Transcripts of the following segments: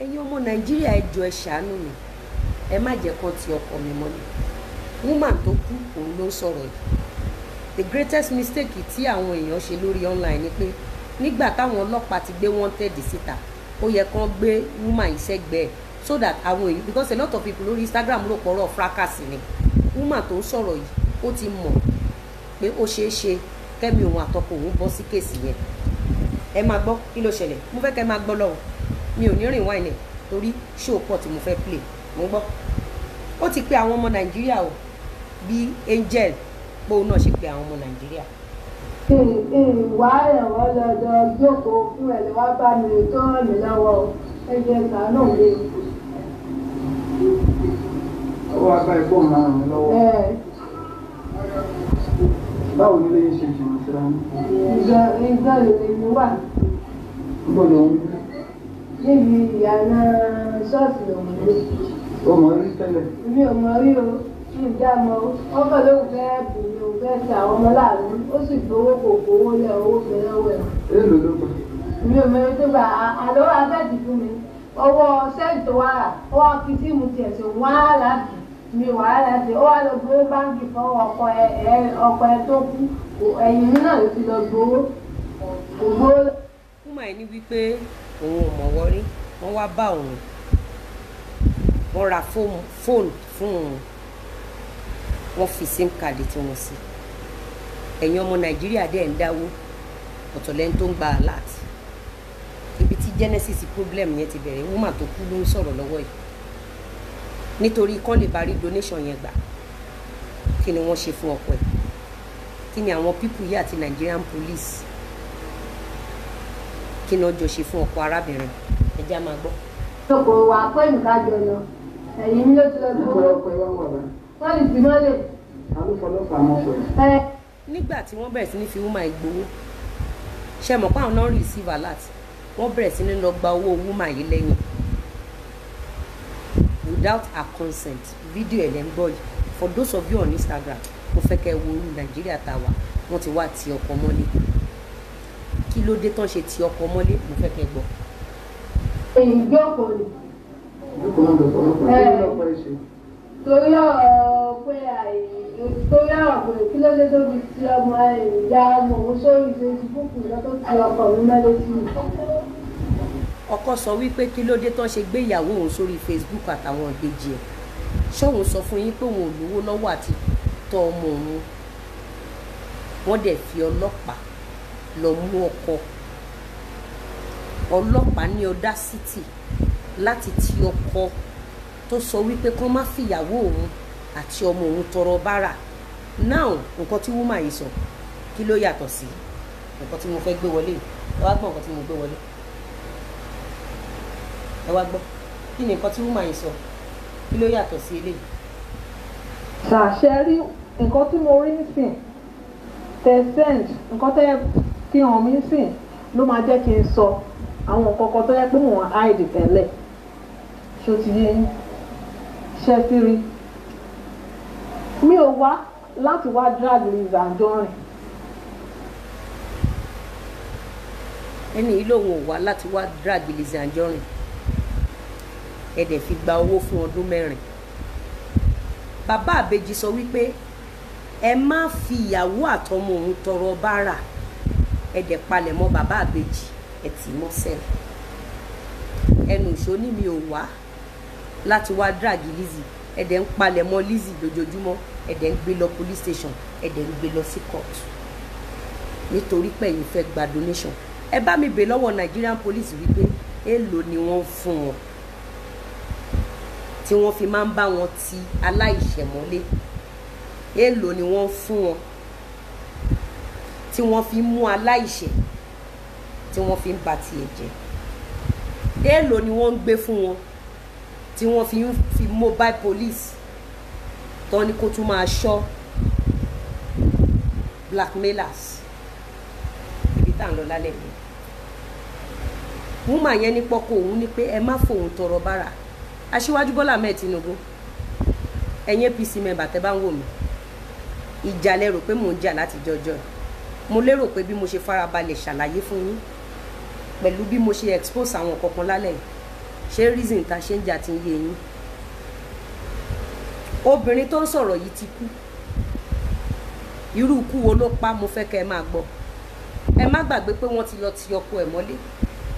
ẹ̀yin ọmọ nàìjíríà ẹ jọ̀ọ́ ẹ ṣàánú mi ẹ má jẹ́ kán ti ọkọ mi mọ́lẹ̀ woman tó kú òun ló ń sọ̀rọ̀ yìí the greatest mistake tí àwọn èèyàn ṣe lórí online ni pé nígbà táwọn ọlọ́pàá ti gbé wanted síta ó yẹ kán gbé woman yìí sẹ́gbẹ̀ẹ́ so that àwọn èèyàn because a lot of people lórí Instagram ló pọ̀rọ̀ fracas ni woman tó ń sọ̀rọ̀ yìí ó ti mọ̀ pé ó ṣeé ṣe kẹ́mi òun àtọkọ òun bọ́ sí kéèsì yẹn ẹ máa gbọ́ kí ló ṣẹlẹ̀ mo fẹ́ kẹ́ máa gbọ́ lọ́wọ́ mi ò ní rìn wáìnì torí show pọ̀ tí mo fẹ́ play mo gbọ́ ó ti pe àwọn ọmọ nàìjíríà o bí angel bóun náà ṣe pe àwọn ọmọ nàìjíríà. ìwà ẹ̀wọ́ lọ́dọ̀ jókòó fún ẹ̀ lọ́wọ́ bá mi tó ràn mí lọ́wọ́ ẹ jẹ́ sàánù mi. ọwọ́ agbá ẹ̀kọ́ máa ràn mí lọ́wọ́. báwo ni lè ṣe ìṣẹ̀lẹ̀ síra ní. ìgbà ìgbà ìròyìn wà. gbọ́dọ̀ ń bí níbi ìyànà ṣọ́ọ̀ṣì ọ̀hún ló. o mọ rí tẹ́lẹ̀. mi ò mọ rí o mi ì o ó kàn ló ń fẹ́ bù mí ò fẹ́ ṣe àwọn ọmọ láàánú ó sì gbowó kò gbowó lẹ owó fẹ́ lọ́wọ́ ẹ̀. èèlò ló gbà. mi ò mọ rí tó gbà àlọ́ abẹ́ẹ̀dì fún mi ọwọ́ sẹ́yìn tó wà rà ó wá fi tíìmù tiẹ̀ sí wàhálà bì mi wàhálà bì ó wá lọ gbé báńkì fọwọ́ ọkọ ẹ ọkọ ẹ tó kú ẹ̀yìn náà ló ti lọ gbowó gbowó. fún màá ní wípé òun ò mọ̀wọ́ rí wọ́n wá bá òun wọ́n ra fóònù fún òun wọ́n fi sim card tí wọ́n sí ẹ̀yin ọmọ nàìjíríà dẹ̀ ń dáwó ọ̀tọ̀lẹ́ni tó ń gba alert ibi tí genesis problem yẹn ti bẹ̀rẹ̀ woman tó kú ló ń sọ̀rọ̀ lọ́wọ́ yìí nítorí kán lè bá rí donation yẹn gbà kí ni wọ́n ṣe fún ọkọ ẹ̀ kí ni àwọn pípù yìí àti nigerian police kí náà jọ ṣe fún ọkọ arábìnrin ẹ já máa gbọ́. ọkọ̀ wà pé nǹkan jọ lọ ẹ̀yìn ló ti lọ sí ọkọ̀ ọkọ̀ ìwà wà rẹ̀. wọ́n lè ti mọ́lẹ̀. alúfọlọ́fà mọ́ pẹ̀lú. nígbà tí wọ́n bẹ̀rẹ̀ sí ní fi wúmà ìgbowó ṣe mọ̀ páwọn náà receive alert wọ́n bẹ̀rẹ̀ sí ní lọ gba owó wúmà yìí lẹ́yìn without her consent fídíò ẹ̀ lẹ́ ń gbọ́ yìí for those of you on Instagram mo fẹ́ kẹ́ wo Nàìjíríà tàwa wọ́n ti wá ti ọkọ̀ mọ́lẹ̀ kí ló dé tán ṣe ti ọkọ mọ́lé mo fẹ́ kẹ́ gbọ́. èyí gbé ọkọ rẹ. torí ọ̀rọ̀ pé torí ọ̀rọ̀ pé kí ló dé tóbi tí ọmọ ìyá ọmọ òun sórí Facebook lọ́tọ́ ti ọkọ mi mẹ́lẹ́ sí mi. ọkọ sọ wípé kí ló dé tán ṣe gbé ìyàwó òun sórí Facebook àtàwọn ìbejì ẹ̀ ṣóun sọ fún yín pé òun ò lówó lọ́wọ́ àti tọ́ ọmọ òun wọ́n dẹ̀ fi ọlọ́pàá lọ mú ọkọ ọlọ́pàá ní ọdásítì láti ti ọkọ tó sọ wípé kán má fìyàwó òun àti ọmọ òun tọrọ bárà now nǹkan tí wúmà yìí sọ kí ló yàtọ̀ sí nǹkan tí mo fẹ́ gbé wọlé ẹ wá gbọ́ nǹkan tí mo gbé wọlé ẹ wá gbọ́ kí ni nǹkan tí wúmà yìí sọ kí ló yàtọ̀ sí eléyìí. ṣàṣẹ rí nǹkan tí mo rí nísìn tẹ̀sẹ̀ǹd nǹkan tẹ́ kí hàn mí sìn ló máa jẹ́ kí n sọ àwọn nǹkan tó yẹ pé mò ń hide tẹ́lẹ̀ ṣó ti yé yín ṣe rí mi ò wá láti wá drag Lizzy Anjorin. ẹni yìí lòun ò wá láti wá drag Lizzy Anjorin ẹ dẹ̀ fi gba owó fún ọdún mẹ́rin bàbá àbèjì sọ wípé ẹ má fi ìyàwó àtọmọ òun tọrọ bárà ẹ̀dẹ̀ palẹ̀ mọ́ bàbá àbèjì ẹ̀ tì í mọ́sẹ̀ ẹnu ìṣó ní mi ò wá láti wá drag Lizzy ẹ̀dẹ̀ ń palẹ̀ mọ́ Lizzy lójoojúmọ́ ẹ̀dẹ̀ ń gbé lọ police station ẹ̀dẹ̀ ń gbé lọ sí court nítorí pé ẹ̀yin fẹ́ gba donation ẹ bá mi bè lọ́wọ́ Nigerian police wípé èèlò ni wọ́n fún wọn tí wọ́n fi máa ń bá wọn ti aláìṣẹ̀mọ́lé èèlò ni wọ́n fún wọn tí wọ́n fi mú aláìṣẹ̀ tí wọ́n fi ń ba tiẹ̀ jẹ́ èèlò ni wọ́n ń gbé fún wọn tí wọ́n fi ń fi mobile police tán ni kó tún máa ṣọ́ blackmailers ibi tá à ń lọ lálẹ́ yìí wúmà yẹn ní pọ́kọ òun ni pé ẹ má fòun tọrọ bára aṣíwájú bọ́lá mẹ́ẹ̀ tinubu ẹ̀yin apc mẹ́bà tẹ́ bá ń wò mí ìjà lẹ rò pé mò ń jà láti jọjọ́ yìí mo lérò pé bí mo ṣe farabalẹ̀ ṣàlàyé fún yín pẹ̀lú bí mo ṣe expose àwọn kankan lálẹ́ ṣé reason ta ṣe ń jà ti ń yé yín obìnrin tó ń sọ̀rọ̀ yìí ti kú irú ikú wo ló pa mo fẹ́ kẹ́ ẹ máa gbọ́ ẹ má gbàgbé pé wọ́n ti lọ ti ọkọ ẹ̀ mọ́lé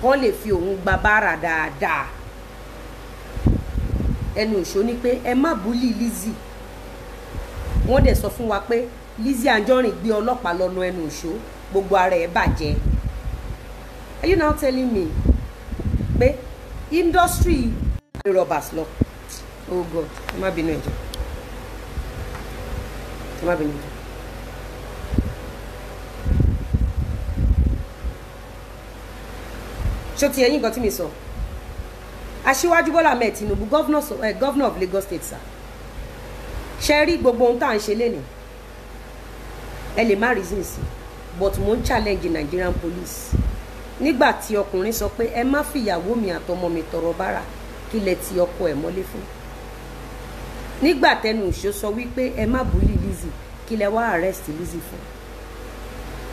kán lè fi òun gba bára dáadáa ẹnu ìṣó ni pé ẹ má bú Lizzy wọ́n dẹ̀ sọ fún wa pé Lizzie Anjorin gbé ọlọ́pàá lọ́nà ẹnu òṣó gbogbo ara ẹ̀ bàjẹ́ are you now telling me pé industry ní robbers lọ oh god ẹ má bínú ẹjọ ẹ má bínú ẹjọ. ṣó ti ẹ̀yin nǹkan tí mi sọ aṣíwájú Bọ́lá Ahmed Tinubu governor of eh, Lagos state sir ṣe rí gbogbo ohun tá à ń ṣe lénìí ẹ lè má reason sí but mo ń challenge Nigerian police nígbà tí ọkùnrin sọ pé ẹ má fìyàwó mi àtọmọ mi tọrọ bára kí lẹ ti ọkọ ẹ mọ́lé fún nígbà tẹnu ìṣó sọ wípé ẹ má bùlí Lizzy kí lẹ wá arrest Lizzy fún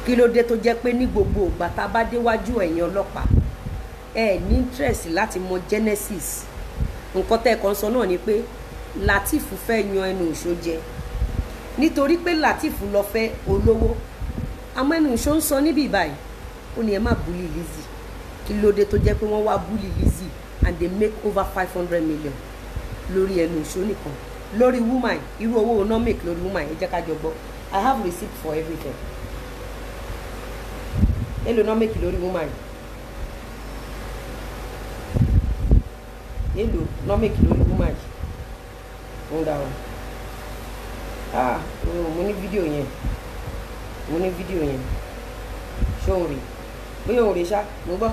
kí ló dé tó jẹ́ pé ní gbogbo ìgbà tá a bá déwájú ẹ̀yin ọlọ́pàá ẹ ní interest láti mọ genesis nǹkan tẹ́ ẹ kàn sọ náà ni pé Lateef fẹ́ yan ẹnu ìṣó jẹ nítorí pé Latif lọ fẹ́ olówó àmọ́ ẹnu ìṣó ń sọ níbí báyìí ó ní ẹ má búlì Lizzy kí ló tó jẹ́ pé wọ́n wá búlì Lizzy and they make over five hundred million lórí ẹnu ìṣó nìkan lórí woman irú owó oná make lórí woman ẹ jẹ́ ká jọ gbọ́ I have receipt for everything èlò náà make lórí woman èlò náà make lórí woman ń dà ah mo ní fídíò yẹn mo ní fídíò yẹn ṣé o rè pé o rè ṣá mo gbọ́.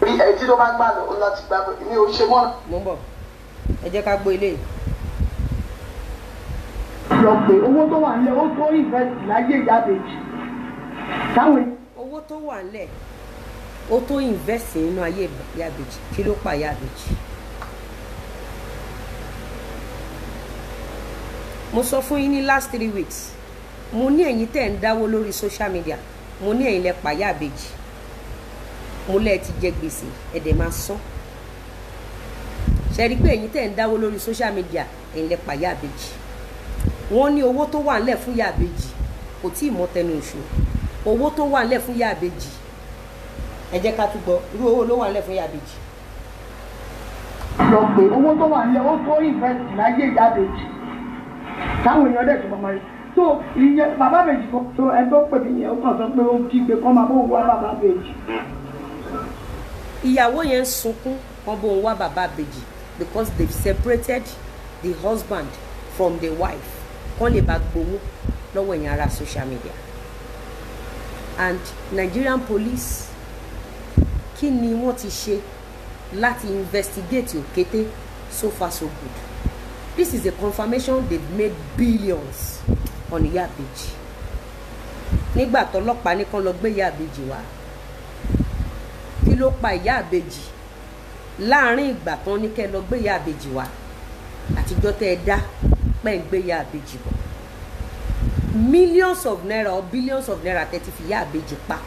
bí ẹjí ló bá gbà lọ ó láti gbà pé mi ò ṣe mọ́. mo ń bọ̀ ẹ jẹ́ ká gbọ́ eléyìí. lọ pé owó tó wà nílẹ̀ ó tó ìfẹsì láyé ìyábẹ̀jì táwọn. owó tó wà nílẹ̀ ó tó ìfẹsì nínú ayé ìyábẹ̀jì kí ló pa ìyábẹ̀jì. mo sọ fún yín ní last three weeks mo ní ẹ̀yin tẹ̀ ń dáwó lórí social media mo ní ẹ̀yin lẹ pàyà àbèjì mo lẹ́ẹ̀ ti jẹ gbèsè ẹ̀dẹ̀ máa san ṣe pé ẹ̀yin tẹ̀ ń dáwó lórí social media ẹ̀yin lẹ pàyà àbèjì wọ́n ní owó tó wà ńlẹ̀ fún yà àbèjì kò tí ì mọ tẹnu ìṣó owó tó wà ńlẹ̀ fún yà àbèjì ẹ jẹ́ ká tún gbọ́ irú owó ló wà ńlẹ̀ fún yà àbèjì. lọ owó tó wà ńlẹ̀ ó tó ìfẹ́ láyé yà àbèjì táwọn èèyàn dẹ̀ tó mọ̀ mọ́ rí so ìyẹn bàbá méjì kan so ẹni tó pè mí yẹn ó kàn sọ pé ó ń kígbe kọ́ máa bóun wá bàbá méjì. ìyàwó yẹn sunkún wọn bóun wá bàbá méjì because they separated the husband from the wife kán lè bá gbowó lọ́wọ́ ẹ̀yìn ara social media and Nigerian police kí ni wọ́n ti ṣe láti investigate òkété so far so good. This is a confirmation they've made billions on Ìyá Ìbejì. Nígbà tọ́lọ́pàá ní kán lọ gbé Ìyá Ìbejì wá. Kí ló pa Ìyá Ìbejì? Láàárín ìgbà tán ní kẹ́ lọ gbé Ìyá wá. Àtijọ́ tẹ́ ẹ dá pẹ́ ń gbé Ìyá bọ̀. Millions of naira or billions of naira tẹ́ ti fi Ìyá Ìbejì pa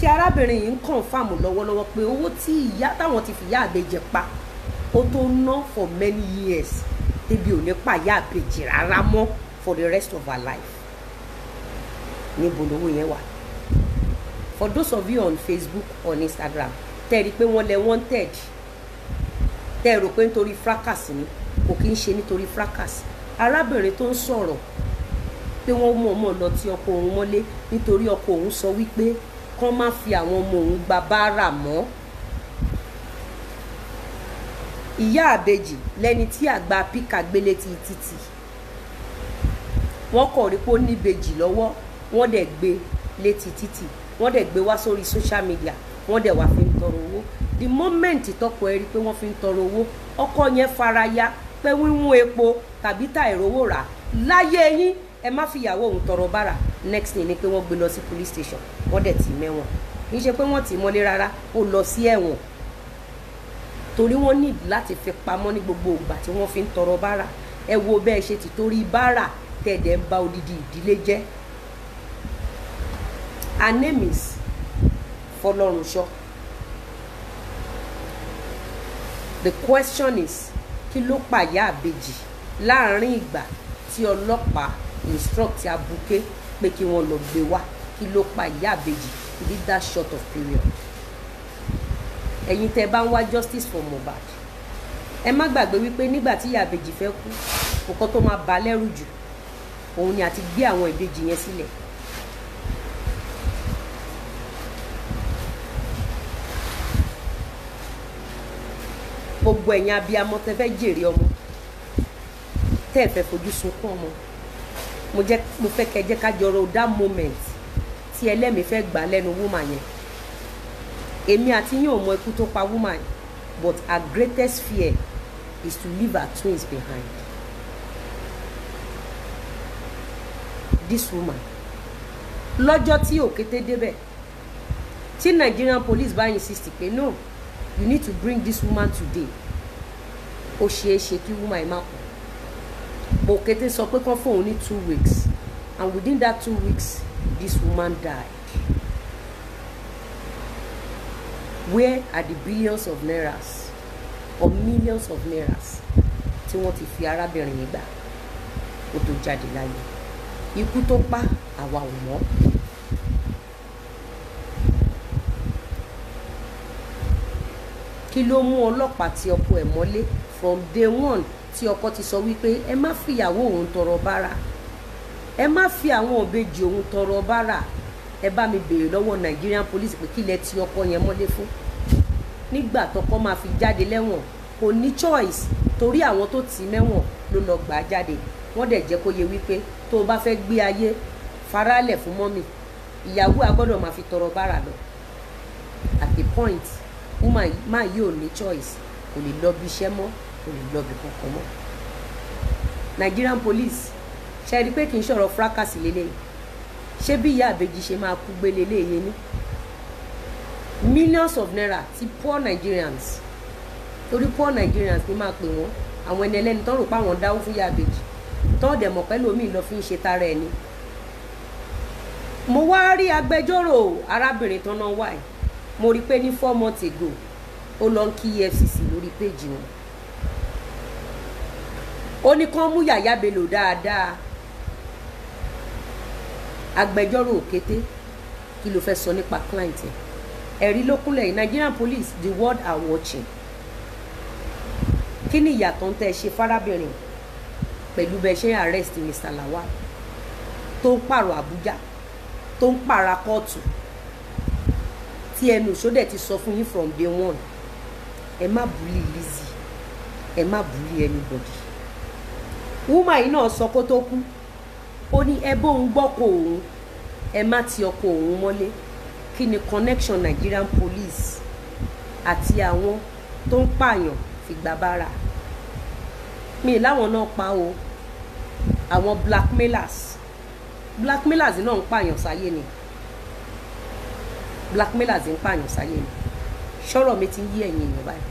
tí arábìnrin yìí ń kàn fáàmù lọ́wọ́lọ́wọ́ pé owó tí ìyá táwọn ti fìyà àbẹ̀jẹ̀ pa ó tó ná for many years débi ò ní pàyà àbèjì rárá mọ́ for the rest of her life níbo lówó yẹn wà for those of you on Facebook on Instagram tẹ́ ẹ rí i pé wọ́n lẹ wanted tẹ́ ẹ rò pé nítorí fracas ni kò kí ń ṣe nítorí fracas arábìnrin tó ń sọ̀rọ̀ pé wọ́n mú ọmọ lọ ti ọkọ òun mọ́lé nítorí ọkọ òun sọ wípé kán má fi àwọn ọmọ òun gba báárà mọ́ ìyá àbejì lẹni tí àgbà píkà gbélé ti títì wọ́n kọ̀ rí pé ó níbejì lọ́wọ́ wọ́n dẹ̀ gbé létí títì wọ́n dẹ̀ gbé wá sórí social media wọ́n dẹ̀ wá fi ń tọrọ owó the moment tọkọ ẹ rí pé wọ́n fi ń tọrọ owó ọkọ yẹn fara ya pé wíwún epo tàbí ta ìrówó rà láyé yín ẹ má fìyàwó òun tọrọ bára next thing ni pé wọ́n gbé lọ sí police station wọ́n dẹ̀ tì mẹ́wọ̀n kì í ṣe pé wọ́n tì mọ́lé rárá ó lọ sí ẹ̀wọ̀n torí wọ́n need láti fi pamọ́ ní gbogbo ìgbà tí wọ́n fi ń tọrọ bára ẹ wo bẹ́ẹ̀ ṣe ti torí bára tẹ̀dẹ̀ ń ba odidi ìdílé jẹ́ her name is Fọlọ́runṣọ́ the question is kí ló pàyà àbejì láàrin ìgbà tí ọlọ́pàá instruct abuké pé kí wọ́n lọ gbé wá kí ló pàyà àbejì within that short of period ẹ̀yin tẹ́ bá ń wá justice for Mohbad ẹ má gbàgbé wípé nígbà tí ìyá fẹ́ kú nǹkan tó máa bà lẹ́rù jù òun ni àti gbé àwọn ìbejì yẹn sílẹ̀ gbogbo ẹ̀yin abiyamọ tẹ́ fẹ́ jèrè ọmọ tẹ́ ẹ̀ fẹ́ fojú sunkún ọmọ mo fẹ́ kẹ́ jẹ́ ká jọrọ that moment tí ẹlẹ́mìí fẹ́ gbà lẹ́nu wúmà yẹn èmi àti yín ò mọ ikú tó pa woman but her greatest fear is to leave her twins behind this woman lọ́jọ́ tí òkété débẹ̀ tí Nigerian police bá insist pé no you need to bring this woman today ó ṣeé ṣe kí woman má kú òkété sọ pé kán fóun ní two weeks and within that two weeks this woman die where are the billions of nairas or millions of nairas tí wọ́n ti fi arábìnrin yìí gbà kó tó jáde láyé ikú tó pa àwa ò mọ̀ kí ló mú ọlọ́pàá ti ọkọ ẹ̀ mọ́lé from day one tí ọkọ ti sọ wípé ẹ má fìyàwó òun tọrọ bára ẹ má fi àwọn òbejì òun tọrọ bára ẹ bá mi béèrè lọ́wọ́ Nigerian police pé kí lẹ ti ọkọ yẹn mọ́lé fún nígbà tọkọ máa fi jáde lẹ́wọ̀n kò ní choice torí àwọn tó tì í mẹ́wọ̀n ló lọ gbà á jáde wọ́n dẹ̀ jẹ́ kó yé wípé tó o bá fẹ́ gbé ayé faralẹ̀ fún mọ́mì ìyàwó agbọ́dọ̀ máa fi tọrọ bára lọ at the point woman máa yóò ní choice kò lè lọ bí iṣẹ́ mọ́ kò lè lọ bí kankan mọ́ Nigerian police ṣe é rí i pé kì í ṣọ̀rọ̀ fracas lélẹ́yìí ṣé bí ìyá àbèjì ṣe máa kú gbélé léyè ní millions of naira ti poor Nigerians torí poor Nigerians ni máa pè wọ́n àwọn ẹni ẹlẹ́ni tó rò pé àwọn dáwó fún ìyá àbèjì tó dẹ̀ mọ̀ pẹ́lú omi lọ fi ń ṣe tara ẹni mo wá rí agbẹjọ́rò arábìnrin tó náà wà yìí mo rí i pé ní four months ago ó lọ ń kí EFCC lórí péjì wọn ó ní kán mú Yàyà Bello dáadáa agbẹjọ́rò òkété kí ló fẹ́ sọ nípa client yẹn ẹ̀rí ló kúnlẹ̀ Nigerian police the world are watching kí ni ìyàtọ̀ ń tẹ́ ẹ ṣe fárábìnrin pẹ̀lú bẹ́ẹ̀ ṣe arrest Mr. Lawal tó ń pààrọ̀ Àbújá tó ń pààrà kóòtù tí ẹnu sódẹ̀ ti sọ fún yín from day one ẹ má bully Lizzy ẹ má bully anybody woman yìí náà sọ kó tó kú ó ní ẹ bóun gbọ́kọ̀ òun ẹ má ti ọkọ òun mọ́lé kí ni connection Nigerian police àti àwọn tó ń pààyàn fìgbà bára mi láwọn náà pa o àwọn blackmailers blackmailers náà ń pààyàn sáyé ni blackmailers ń pààyàn sáyé ni ṣọ́rọ̀ mi ti ń yí ẹ̀yìn èèyàn báyìí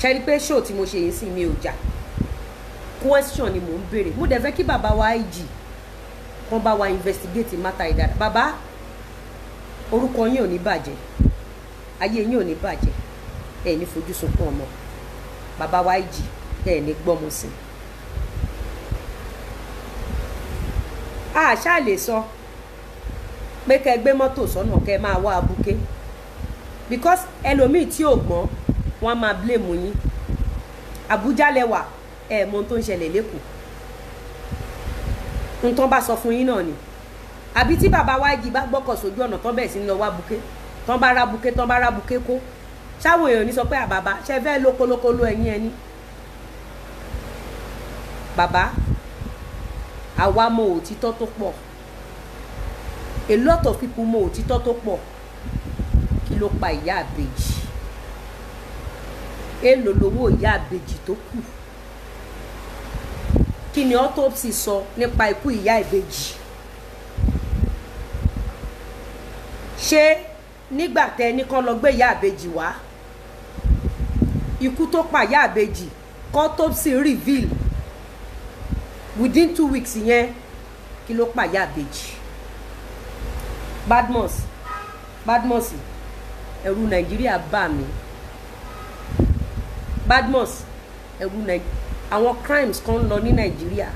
ṣe rí pé ṣóò tí mo ṣe yìí sí mi ò jà question ni mò ń béèrè mo dẹ̀ fẹ́ kí bàbá wa IG kan bá wa investigate mata ìdára bàbá orúkọ yín ò ni bàjẹ́ Aye, yín ò ní bàjẹ́ ẹ̀ ní fojú sunkún ọmọ bàbá wa IG ẹ̀ ní gbọ́mọ sí i àṣà lè sọ pé kẹ́ gbé mọ́tò sọ́nà kẹ́ máa wá abuké because ẹlòmíì tí ò gbọ́n wọ́n á máa blame yín Àbújá lẹ́wà ẹ mọ tó ń ṣẹlẹ̀ lẹ́kọ̀ọ́ n tán bá sọ fún yín náà ni àbí tí bàbá wa jì bá gbọ́kọ̀ sójú ọ̀nà tán bẹ̀rẹ̀ sí ń lọ wá buké tán bá ra buké tán bá ra buké kó ṣáwọn èèyàn ní sọ pé àbàbà ṣe fẹ́ lókolóko ló ẹ̀yìn ẹni bàbá àwa mọ òtítọ́ tó pọ̀ a lot of people mọ òtítọ́ tó pọ̀ kí ló pa ìyá àbèjì èèlò lowó ìyá àbèjì tó kù kí ni autopsy sọ nípa ikú ìyá ìbejì ṣé nígbà tẹ ẹni kan lọ gbé ìyá ìbejì wá ikú tó pa ìyá ìbejì autopsy reveal within two weeks yẹn kí ló pa ìyá ìbejì Badmus Badmus ẹ̀rù Nàìjíríà bà mí Badmus ẹ̀rù Nàìjíríà àwọn crimes kan lọ ní nàìjíríà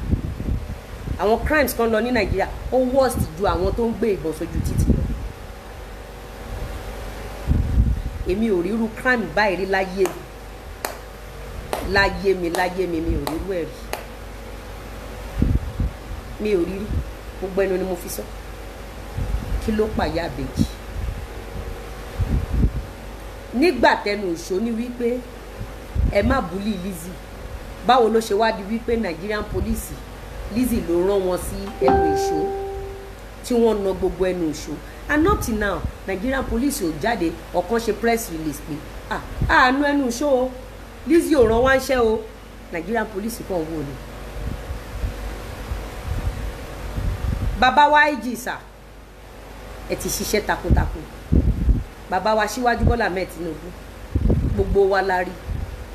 àwọn crimes kan lọ ní nàìjíríà ó worst ju àwọn tó ń gbé ìbọn sójú títì lọ èmi ò ríru crime báyìí rí láyé mi láyé mi láyé mi mi ò ríru ẹ̀ rí mi ò rírí gbogbo ẹnu ni mo fi sọ kí ló pàyà àbèjì nígbà tẹnu ìṣó ni wípé ẹ má bùlí Lizzy báwo ló ṣe wá wípé Nigerian police Lizzy ló rán wọn sí ẹnu ìṣó tí wọ́n na gbogbo ẹnu ìṣó and up till now Nigerian police ò jáde ọ̀kan ṣe press release pé ah àánú ẹnu ìṣó o Lizzy ò rán wá ń ṣẹ́ o Nigerian police kàn wò ni. bàbá wa ig sà ẹ ti ṣiṣẹ́ takuntakun bàbá wa síwájú Bọ́lá mẹ́ẹ̀ Tinubu gbogbo wa la rí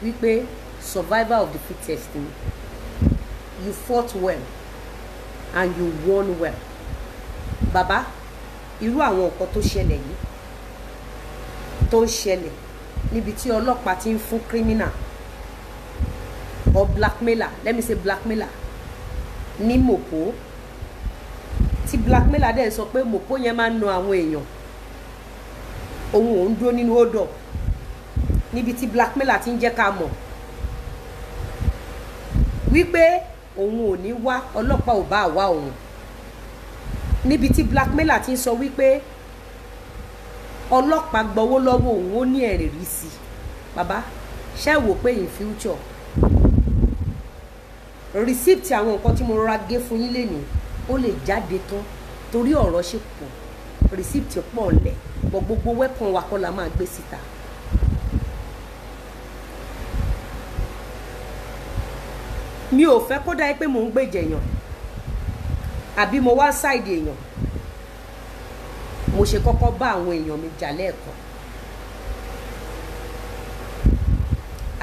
wípé Survivor of the fittest ni you fought well and you won well Baba, irú àwọn nǹkan tó ṣẹlẹ̀ yìí tó ń ṣẹlẹ̀ níbi tí ọlọ́pàá ti ń fún criminal or blackmailer let me say blackmailer ní mòpó tí blackmailer dẹ̀ sọ pé mòpó yẹn máa ń na àwọn èèyàn òun òun dúró nínú odò níbi tí blackmailer ti ń jẹ́ ká mọ̀ wípé òun ò ní wá ọlọ́pàá ò bá wá òun níbi tí blackmailer ti ń sọ wípé ọlọ́pàá gbọ́wọ́ lọ́wọ́ òun ó ní ẹ̀rẹ̀ rí sí i bàbá ṣe wò pé in future receipt àwọn nǹkan tí mo rọra gé fún yín lénìí ó lè jáde tán torí ọ̀rọ̀ ṣe pọ̀ receipt pọ̀ lẹ̀ bọ̀ gbogbo weapon wa kọ́ la máa gbé síta. Si mi ò fẹ́ kó dáa pé mò ń gbèjẹ̀ èèyàn àbí mo wá ṣáìdì èèyàn mo ṣe kọ́kọ́ bá àwọn èèyàn mi jà lẹ́ẹ̀kan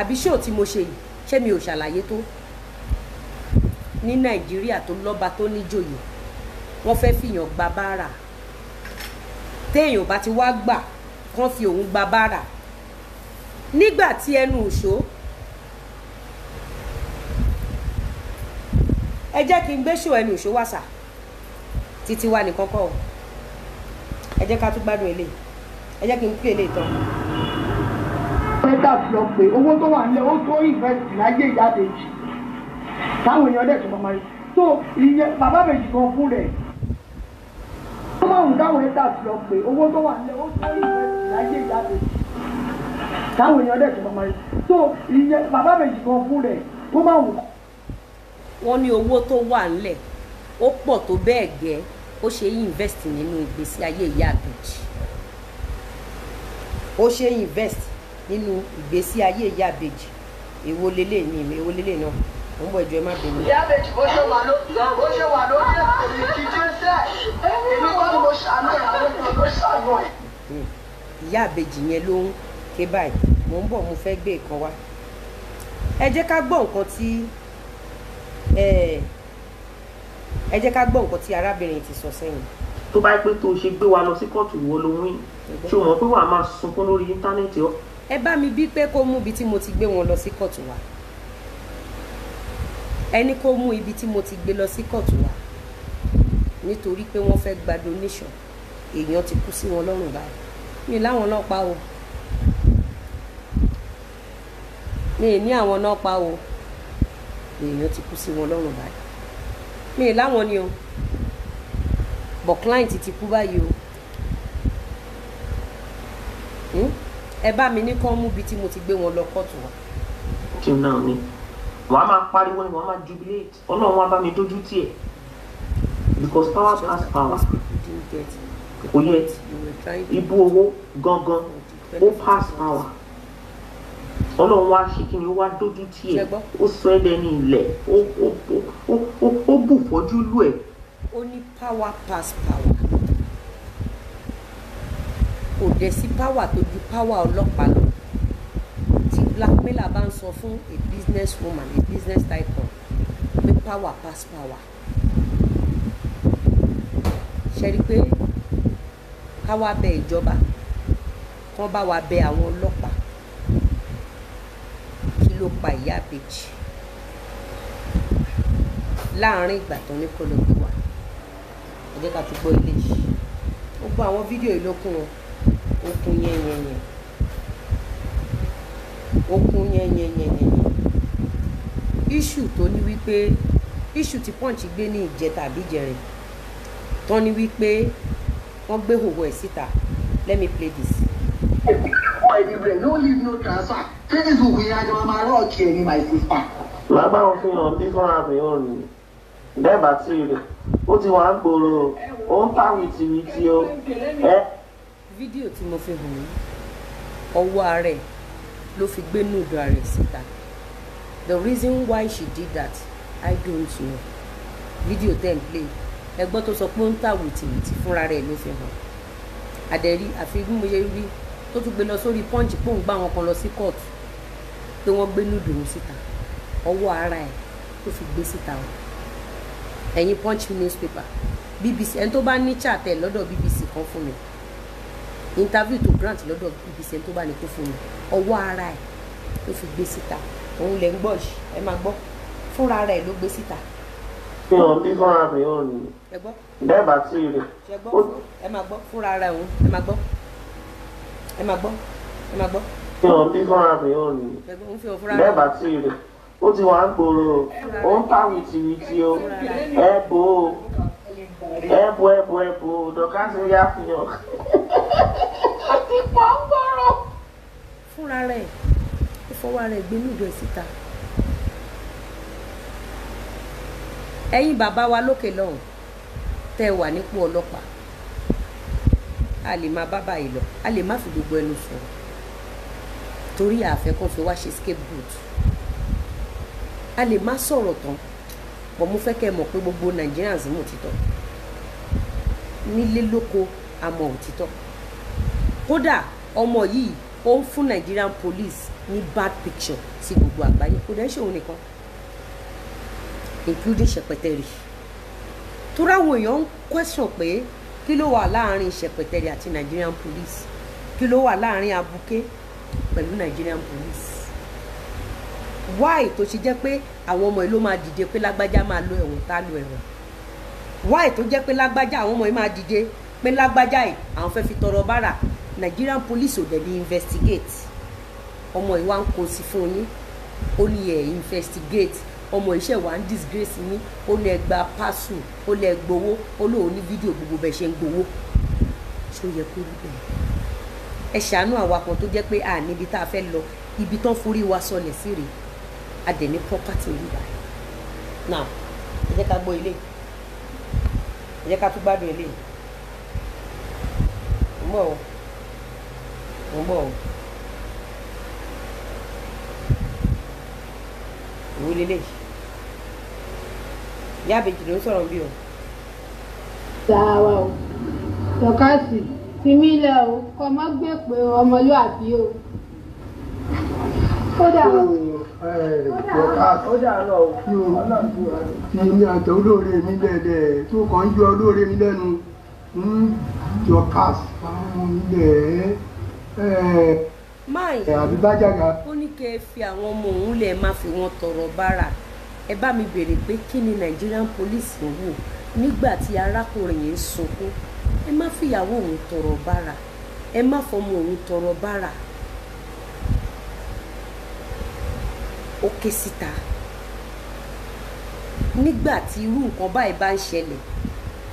àbí ṣé ò tí mo ṣe yìí ṣé mi ò ṣàlàyé tó ní nàìjíríà tó lọ́ba tó níjòyè wọ́n fẹ́ fìyàn gba báárà téèyàn bá ti wá gbà kán fi òun gba báárà nígbà tí ẹnu òṣó ẹ jẹ́ kí n gbé ṣò ẹnu ìṣó wàṣà títí wa nìkan kọ́ ọ ẹ jẹ́ ká tún gbádùn eléyìí ẹ jẹ́ kí n pè é lè tán. pẹ́tà sọ pé owó tó wà nílẹ̀ ó tó invest láyé ìyáde jì táwọn èèyàn dẹ̀ tó máa rí so ìyẹn bàbá méjì kan fún rẹ̀ ó máa ń dáwọn pẹ́tà sọ pé owó tó wà nílẹ̀ ó tó invest láyé ìyáde jì táwọn èèyàn dẹ̀ tó máa rí so ìyẹn bàbá méjì kan fún rẹ̀ ó máa ń dáwọn wọ́n ní owó tó wà ńlẹ̀ ó pọ̀ tó bẹ́ẹ̀ gẹ́ ó ṣe é invest nínú ìgbésí ayé ìyá àbèjì ó ṣe é invest nínú ìgbésí ayé ìyá àbèjì èwo lélẹ̀ ni èwo lélẹ̀ náà mo ń bọ̀ ìjọ ẹ má bẹ̀rù. ìyá àbèjì bó ṣe wà ló bó ṣe wà ló dé èmi kì í jẹ́ sẹ́ èmi kọ́ ni mo ṣàánú ẹ̀ àwọn ọmọ ló ṣàánú ẹ̀. Hmm. ìyá àbèjì yẹn ló ń ké báyìí mo ń bọ̀ mo fẹ́ gbé ìkan wá ẹ jẹ́ ká gbọ́ nǹkan tí ẹ jẹ́ ká gbọ́ nǹkan tí arábìnrin ti sọ sẹ́yìn. tó bá pẹ́ tó ṣe gbé wa lọ sí kóòtù ìwọ ló wín ṣé o mọ̀ pé wàá máa sunkún lórí íńtánẹ́ẹ̀tì o. ẹ bá mi bí pé kó mú ibi tí mo ti gbé wọn lọ sí kóòtù wa ẹni kó mú ibi tí mo ti gbé lọ sí kóòtù wa nítorí pé wọ́n fẹ́ gba donation èèyàn ti kú sí wọn lọ́rùn báyìí mi láwọn náà pa o mi ní àwọn náà pa o èèyàn ti kú sí wọn lọ́rùn báyìí mi láwọn ni o but client ti kú báyìí o hmm? ẹ bá mi ní kán mú bi tí mo ti gbé wọn lọ kóòtù wa. kí n náà ni wàá máa pariwo ni wàá máa jubilate ọlọ́run wa bá mi dójú tiẹ̀ because power pass power kò yẹ ibu owó gangan ó pass power ọlọ́run wá ṣe kí ni ó wá dójú tì ẹ́ ó sọ ẹ́ dẹni ilẹ̀ ó bù fọ́jú lù ẹ́. ó ní power pass power kò dẹ̀ sí power tó ju power ọlọ́pàá lọ tí blackmailer bá ń sọ fún a business woman a business tycoon pé power pass power ṣe rí i pé ká wá bẹ ìjọba kán bá wa bẹ àwọn ọlọ́pàá ìyá ìbejì láàárín ìgbà tó ní kó lọ bí wa ẹ ká tún gbọ́ ilé yìí ó gbọ́ àwọn fídíò ìlókun okun yẹn yẹn yẹn okun yẹn iṣu tó ní wípé iṣu ti pọ́ǹchì gbé ní ìjẹta àbí ìjẹrin tán ní wípé wọ́n gbé hòhò ẹ̀ síta let me play this. everywhere no leave no transfer facebook yẹn àjọ máa rọ́ọ̀kì ẹ̀ ní my sister. màá bá wọn fi hàn fún àmì òòrùn yìí bẹ́ẹ̀ bá ó ti wà ń gbòòrò ó ń ta wìtìwìtì o. fídíò tí mo fi hàn yín ọwọ́ ààrẹ ló fi gbé nùdọ̀ ààrẹ síta the reason why she did that i don't know fídíò ten play ẹgbọ́n tó sọ pé ó ń ta wìtìwìtì fúnra rẹ̀ ló fi hàn àdẹ̀rí àfi bí mo ṣe rí tó tún gbé lọ sórí pọ́ǹchì pòun gbá wọn kan lọ sí kóòtù pé wọ́n gbé nùdùnú síta ọwọ́ ara ẹ̀ ló fi gbé síta o ẹ̀yin punch newspaper BBC ẹni tó bá ní chàtẹ̀ lọ́dọ̀ BBC kan fún mi interview tó grant lọ́dọ̀ BBC ẹni tó bá ní kó fún mi ọwọ́ ara ẹ̀ ló fi gbé síta òun lè ń gbọ́ yìí ẹ máa gbọ́ fúnra rẹ̀ ló gbé síta. ṣé o bí fúnra rẹ̀ ò ní dẹ́ẹ̀bà sí rẹ̀. ẹ máa gbọ́ fúnra rẹ̀ òun ẹ máa gbọ́ ẹ máa gbọ́ ẹ máa gbọ́ kí wọn bí fúnra mi ò rí bẹ́ẹ̀ bá tí ì rè ó ti wà ń gbòòrò ó ń ta wìtìwìtì o ẹ bò ó ẹ bò ẹ bò ẹ bò ó dọ̀kásì ń yá fihàn àti pọ́ńgọ́rọ̀. fúnra rẹ̀ ó fọwọ́ rẹ̀ gbé nídìí síta. ẹ̀yin bàbá wa lókè lọ́hùn tẹ́ wà nípò ọlọ́pàá a lè máa bá báyìí lọ a lè má fi gbogbo ẹnu sọ̀rọ̀ torí àfẹ́ kan fi wá ṣe scapegoat a lè má sọ̀rọ̀ tán bọ̀ mo fẹ́ kẹ́ mọ̀ pé gbogbo Nigerians mọ̀ òtítọ́ nílé lóko àmọ́ òtítọ́ kódà ọmọ yìí ó ń fún Nigerian police ní bad picture sí gbogbo àgbáyé kò dẹ́ ṣòun nìkan including ṣẹpẹtẹrì tó ráwọn èèyàn ń question pé kí ló wà láàrin ṣẹpẹtẹrì àti Nigerian police kí ló wà láàrin abuké pẹ̀lú Nigerian police why tó ṣe jẹ́ pé àwọn ọmọ yìí ló máa dìde pé lágbájá máa lo ẹ̀wọ̀n tá lo ẹ̀wọ̀n why tó jẹ́ pé lágbájá àwọn ọmọ yìí máa dìde pé lágbájá yìí àwọn fẹ́ fi tọrọ bára Nigerian police ò dẹ̀bi investigate ọmọ yìí wá ń kó sí fún yín ó ní ẹ̀ investigate ọmọ iṣẹ́ wa ń disgrace yín ó lè gba pásù ó lè gbowó ó lóun ní fídíò gbogbo bẹ́ẹ̀ ṣe ń gbowó ṣó yẹ kó rí bẹ́ẹ̀ ẹ ṣàánú àwakọ̀ tó jẹ́ pé a níbi tá a fẹ́ lọ ibi tán forí wa sọlẹ̀ sí rèé a dẹ̀ ní property yìí báyìí now ẹ jẹ́ ká gbọ́ ilé ẹ jẹ́ ká tún gbádùn ilé ń bọ̀ ń bọ̀ ìwé lélẹ́yìí yábèjì ló ń sọ̀rọ̀ bí o. sáà wa o lọ́kàsì fìmí lẹ o kọ mọ gbé pé ọmọlúàbí o. kódà kódà lọ o. ti ní àjọ olóore mi dẹ́dẹ́ tó kàn ń yọ olóore mi lẹ́nu jọ káàsì fáwọn ilẹ̀ ẹ̀ máì ó ní kẹ́ ẹ fi àwọn ọmọ òun lẹ̀ máa fi wọn tọrọ bára ẹ bá mi béèrè pé kí ni Nigerian police ń wò nígbà tí arákùnrin yìí ń sunkún ẹ má fìyàwó òun tọrọ bára ẹ má fọmọ òun tọrọ bára ó ké síta nígbà tí irú nǹkan báyìí bá ń ṣẹlẹ̀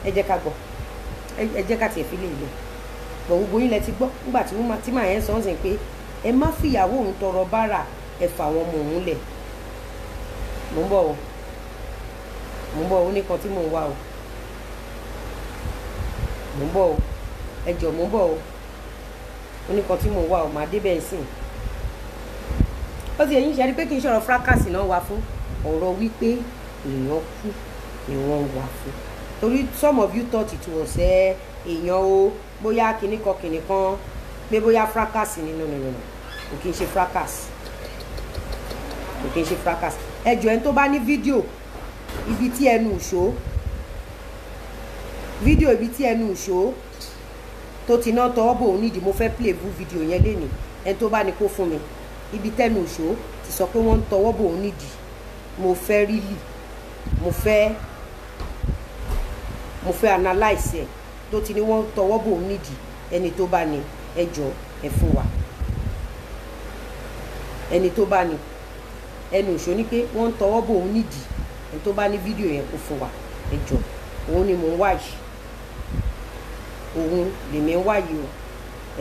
ẹ jẹ́ ká gbọ́ ẹ jẹ́ ká tiẹ̀ fi lè lọ bọ̀ gbogbo yín lẹ ti gbọ́ nígbà tí wọ́n ti máa yẹn sọ ọ́n sìn pé ẹ má fìyàwó òun tọrọ bára ẹ fà wọn òun lẹ̀ mò ń bọ̀ o mò ń bọ̀ o ní kan tí mò ń wá o mò ń bọ̀ o ẹ jọ̀ mò ń bọ̀ o oníkan tí mo wà o màá débẹ̀ nsìn ó ti ẹ̀yìn ṣẹ́rí pé kí n sọ̀rọ̀ fracas náà wá fún ọ̀rọ̀ wípé èèyàn kú ni wọ́n wá fún torí some of you thought it was ẹ èèyàn o bóyá kinní kan kinní kan pé bóyá fracas ni no no no no kò kí n ṣe fracas kò kí n ṣe fracas ẹ jọ̀ ẹni tó bá ní fídíò ibi tí ẹnu ìṣó fídíò ibi tí ẹnu ìṣó tó ti ná tọ́ bò nídìí mo fẹ́ play bú fídíò yẹn lénìí ẹni tó bá ní kó fún mi ibi tẹ́nu ìṣó ti sọ pé wọ́n ń tọwọ́ bò nídìí mo fẹ́ rílì mo fẹ́ mo fẹ́ analyse ẹ̀ tó ti ní wọ́n ń tọwọ́ bò nídìí ẹni tó bá ní ẹjọ́ ẹ fún wa ẹni tó bá ní ẹnu ìṣó ni pé wọ́n ń tọwọ́ bò nídìí ẹni tó bá ní fídíò yẹn kó fún wa ẹjọ́ òun ni mò ń wá òun lèmi ń wáyé o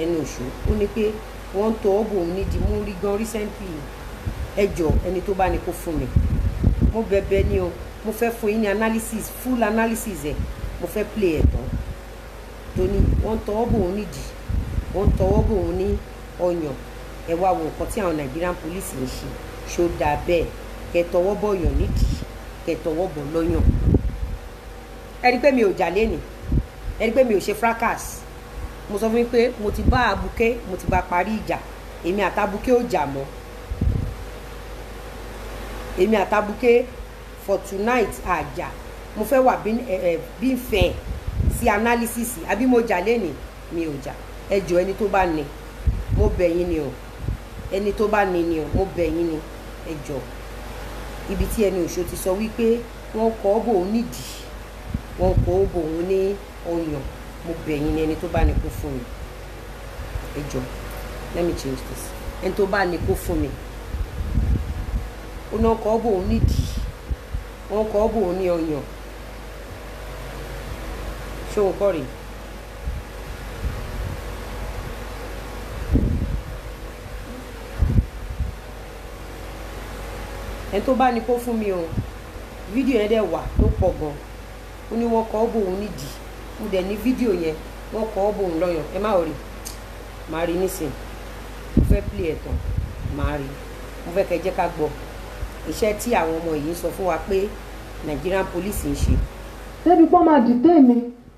ẹnu òṣù ó ní pé wọ́n ń tọ́ ọ́ bò òun nídìí mú rí gan recently ẹ jọ ẹni tó bá ní kó fún mi mo bẹ̀bẹ̀ ni o mo fẹ́ fún yín ní analysis full analysis ẹ̀ mo fẹ́ play ẹ̀ tán tó ní wọ́n ń tọ́ ọ́ bò òun nídìí wọ́n ń tọ́ ọ́ bò òun ní ọyàn ẹ wá wo nǹkan tí àwọn Nigerian police ń ṣe ṣó dáa bẹ́ẹ̀ kẹtọwọ́ bọ̀yàn nídìí kẹtọwọ́ bọ̀ lọ́yàn ẹ pé mi ò jà lénìí ẹni pé mi ò ṣe fracas mo sọ fún mi pé mo ti bá abuké mo ti bá parí ìjà èmi àtàbùké ò jà mọ́ èmi àtàbùké for tonight àjà mo fẹ́ wà bí eh, eh, fẹ́ sí analysis àbí mo jà lẹ́nìí mi ò jà ẹ ẹni tó bá ní mo bẹ̀ yín ni o ẹni tó bá ní ni o mo bẹ̀ yín ni ẹ jọ ibi tí ẹni òṣò ti sọ wípé wọ́n kọ́ bò ó nídìí wọn kò bòun ní ọyàn mo bẹ̀ ni ẹni tó bá ní kó fún mi ẹ jọ let me change this ẹni tó bá ní kó fún mi ọ̀nà ọkọ̀ bòun nídìí wọn kọ́ bòun ní ọyàn ṣé o kọ́ rèé. ẹni tó bá ní kó fún mi o fídíò yẹn dẹ̀ wà tó pọ̀ gan-an ó ní wọ́n kọ́ ọ́ bòun nídìí mo dẹ̀ ní fídíò yẹn wọ́n kọ́ ọ́ bòun lọ́yàn ẹ má rí màá rí nísìnyí mo fẹ́ plé ẹ̀ tán màá rí mo fẹ́ kẹ́ jẹ́ ká gbọ́ iṣẹ́ tí àwọn ọmọ yìí sọ fún wa pé Nigerian police ń ṣe. débi pọ́n máa dìtẹ́ mi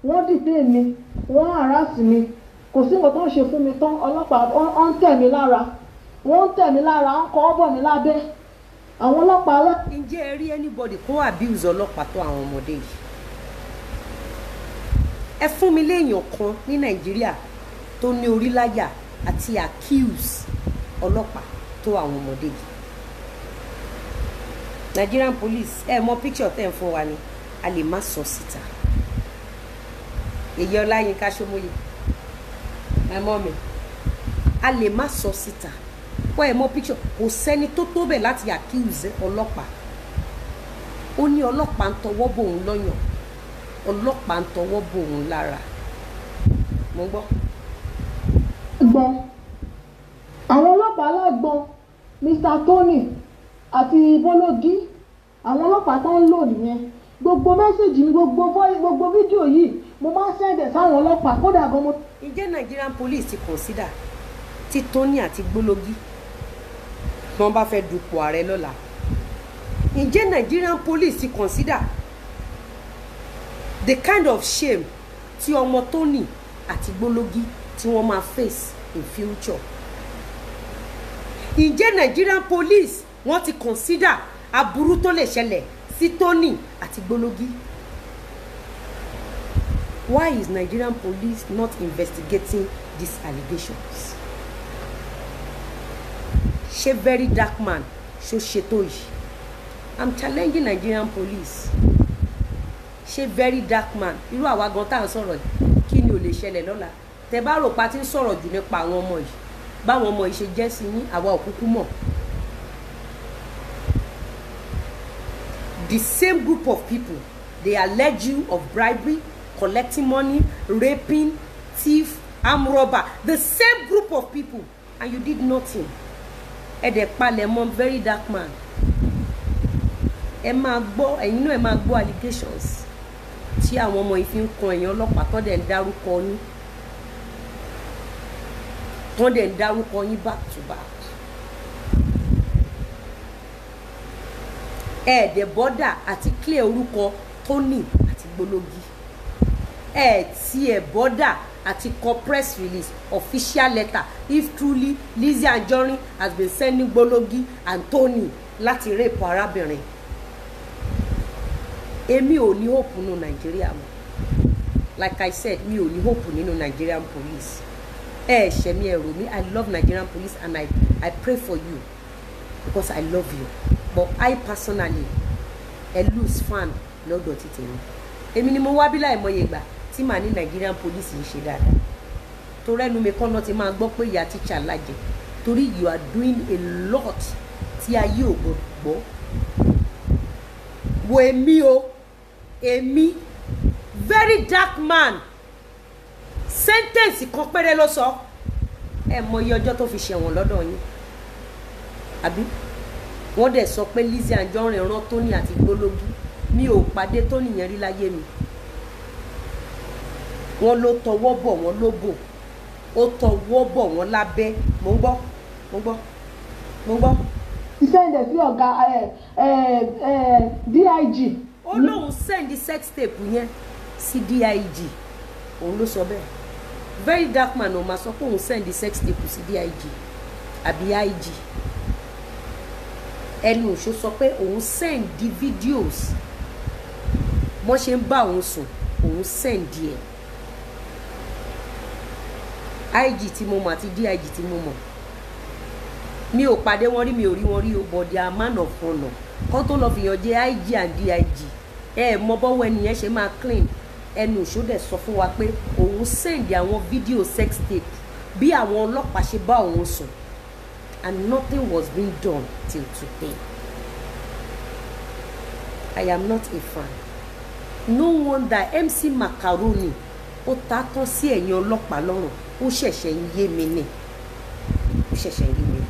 wọ́n dìtẹ́ mi wọ́n àràsì mi kò sí nǹkan tó ń ṣe fún mi tán ọlọ́pàá ọ̀ ń tẹ̀ mí lára wọ́n ń tẹ̀ mí lára ọ̀ ń kọ́ ọ́ bọ̀ mí lábẹ́ àwọn ọlọ́pàá lọ. ǹjẹ́ ẹ rí anybody kó abuse ọlọ́pàá tó àwọn ọmọdé yìí ẹ fún mi léèyàn kan ní nàìjíríà tó ní oríláyà àti accuse ọlọ́pàá tó àwọn ọmọdé yìí nigerian police ẹ mọ picture tẹ́ ń fún wa ni a lè má sọ síta èyí ọláyínká ṣómóye ẹ mọ mi a lè má sọ síta kọ́ ẹ mọ picture kò sẹ́ni tó tó bẹ̀ láti accuse ọlọ́pàá ó ní ọlọ́pàá ń tọwọ́ bòun lọ́yàn ọlọ́pàá ń tọwọ́ bò òun lára mo gbọ́. gbọ́n àwọn ọlọ́pàá lágbọ́n Mr Tony àti bọ́lógí àwọn ọlọ́pàá tó ń lò nìyẹn gbogbo mẹ́sẹ̀gì mi gbogbo gbogbo fídíò yìí mo máa ń sẹ́ndẹ̀ sáwọn ọlọ́pàá kódà gan mo. ǹjẹ́ Nigerian police ti consider tí Tony àti gbólógí tí wọ́n bá fẹ́ dupò ààrẹ lọ́la ǹjẹ́ Nigerian police ti consider the kind of shame tí ọmọ Tóní àti Gbólógí tí wọ́n máa face in future. ǹjẹ́ Nigerian police wọ́n ti consider aburú tó lè ṣẹlẹ̀ sí Tóní àti Gbólógí. Why is Nigerian police not investigating these allegations? ṣé very dark man ṣó ṣètò yìí I'm challenging Nigerian police ṣé very dark man irú àwa gan tá à ń sọ̀rọ̀ yìí kí ni ò lè ṣẹlẹ̀ lọ́la tẹ bá rò pa ti ń sọ̀rọ̀ jù nípa àwọn ọmọ yìí báwọn ọmọ yìí ṣe jẹ́ sí yín àwa òkúkú mọ̀ the same group of people they allege you of bribery collecting money raping thief arm robber the same group of people and you did nothing ẹ dẹ̀ palẹ̀ mọ́ very dark man ẹ máa gbọ́ ẹ̀yin náà ẹ máa gbọ́ allegations tí àwọn ọmọ yìí fi ń kan èèyàn ọlọ́pàá tó dẹ̀ ń dárúkọ yín tó dẹ̀ ń dárúkọ yín back to back. ẹ̀ẹ́dẹ̀ bọ́dà àti clear orúkọ Tony àti Gbólógì ẹ̀ tiẹ̀ bọ́dà àti kọ press release official letter if truly Lizzy Anjorin has been sending Gbólógì and Tony láti rape arábìnrin èmi ò ní hope nínú nàìjíríà mọ́ like i said mi ò ní hope nínú nigerian police ẹ ẹ mi ẹ rò i love nigerian police and i i pray for you because i love you but i personally a loose fan lọ́dọ̀ ti tèmi èmi ni mo wá bí láì mọye ìgbà tí màá ní nigerian police yìí ṣe dáadáa torí ẹnu mi kọ́ náà ti máa gbọ́ pé ìyá tíṣà lájẹ torí you are doing a lot tí ayé ò gbọ́ wo èmi o èmi very dark man sẹ́ńtẹ̀nsì kan péré ló sọ ẹ mọ iye ọjọ́ tó fi ṣẹ̀wọ̀n lọ́dọ̀ yín àbí wọ́n dẹ̀ sọ pé Lizzy Anjorin rán Tóní àti Gbólógún mi ò pàdé Tóní yẹn rí láyé mi wọ́n ló tọwọ́ bọ̀ wọ́n ló bò ó tọwọ́ bọ̀ wọ́n lábẹ́ mò ń gbọ́ mò ń gbọ́ mò ń gbọ́. ìṣe ìdẹ̀sí ọ̀gá dig ó lóun send sex tape yẹn sí DIG òun ló sọ bẹ́ẹ̀ very dark man ó máa sọ pé òun send sex tape sí DIG àbí IG ẹnu òṣó sọ pé òun send videos wọ́n ṣe ń bá òun sùn òun send ẹ̀ IG tí mo mọ̀ àti DIG tí mo mọ̀ mi ò pàdé wọn rí mi ò rí wọn rí o but they are man of honour kán tó lọ fìyàn jẹ IG and DIG ẹ ẹ mọ bọ́wọ́ ẹnìyẹn ṣe máa clean ẹnu òṣòdẹ̀ sọ fún wa pé òun send àwọn fídíò sex tape bí àwọn ọlọ́pàá ṣe bá òun sùn and nothing was being done till today I am not a fan no wonder MC Macaroni ó ta tán sí ẹ̀yìn ọlọ́pàá lọ́rùn ó ṣẹ̀ṣẹ̀ ń yé mi ni ó ṣẹ̀ṣẹ̀ ń yé mi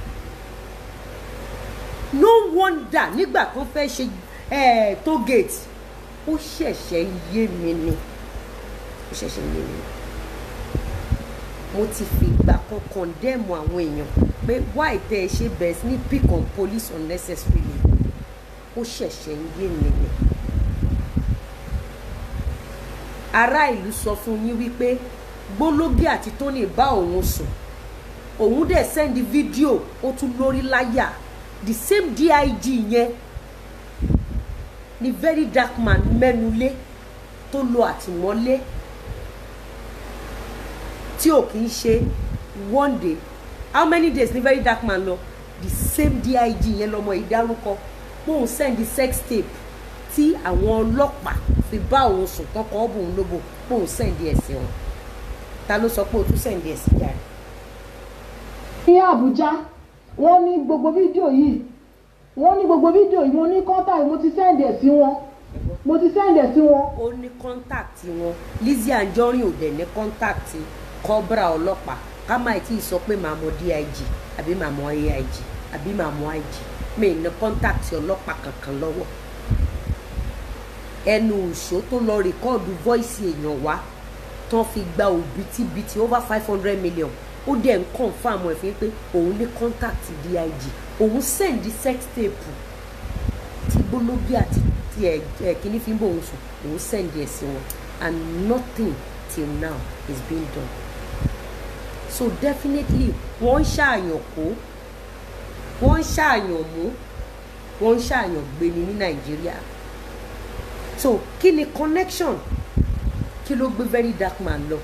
no wonder nígbà kan fẹ́ ṣe toll gate ó ṣẹ̀ṣẹ̀ yé mi ni ó ṣẹ̀ṣẹ̀ yé mi ni mo ti fi ìgbà kan condemn àwọn èèyàn pé why tẹ ẹ ṣe bẹ̀rẹ̀ ní pick on police unnecessarily ó ṣẹ̀ṣẹ̀ ń yé mi ni ará ìlú sọ fún yín wípé gbólógì àti tóní bá òun sùn òun dẹ̀ sẹ́ndí fídíò ó tún lórí láyà the same dig yẹn ni very dark man mẹ́nu lé tó lọ àtìmọ́lé tí ò kì í ṣe one day how many days ni very dark man lọ the same dig yẹn lọmọ yìí dárúkọ bóun send the sex tape tí àwọn ọlọ́pàá fi bá òun sùn tọkọ ọ̀bùn lóbo bóun send ẹ̀sìn wọn ta ló sọ pé o tún send ẹ̀sìn jáde. ní Àbújá wọ́n ní gbogbo fídíò yìí wọ́n ní gbogbo fídíò yìí mo ní kọ́ńtà mo ti sẹ́ǹdẹ̀ sí wọn mo ti sẹ́ǹdẹ̀ sí wọn. ó ní kọ́ńtàkì wọn Lizzy Anjorin ò dẹ̀ ní kọ́ńtàkì kọ́bra ọlọ́pàá ká má tí ì sọ pé màá mọ DIG àbí màá mọ AIG àbí màá mọ IG mi ní kọ́ńtàkì ọlọ́pàá kankan lọ́wọ́ ẹnu òṣó tó lọ rìkọ́ọ̀dù voice èèyàn wá tán fi gba òbítíbitì over five hundred million ó dẹ̀ ń confam ẹ̀ fún pé òun ní contact dig òun send sex tape tí gbólóbí àti tí ẹ kíní fi ń bọ̀ òun sùn òun send ẹ̀ sí wọn and nothing till now is being done so definitely wọ́n ń ṣàyàn kó wọ́n ń ṣàyàn mú wọ́n ń ṣàyàn gbé ní nàìjíríà so kí ni connection kí ló gbé very dark man lọ.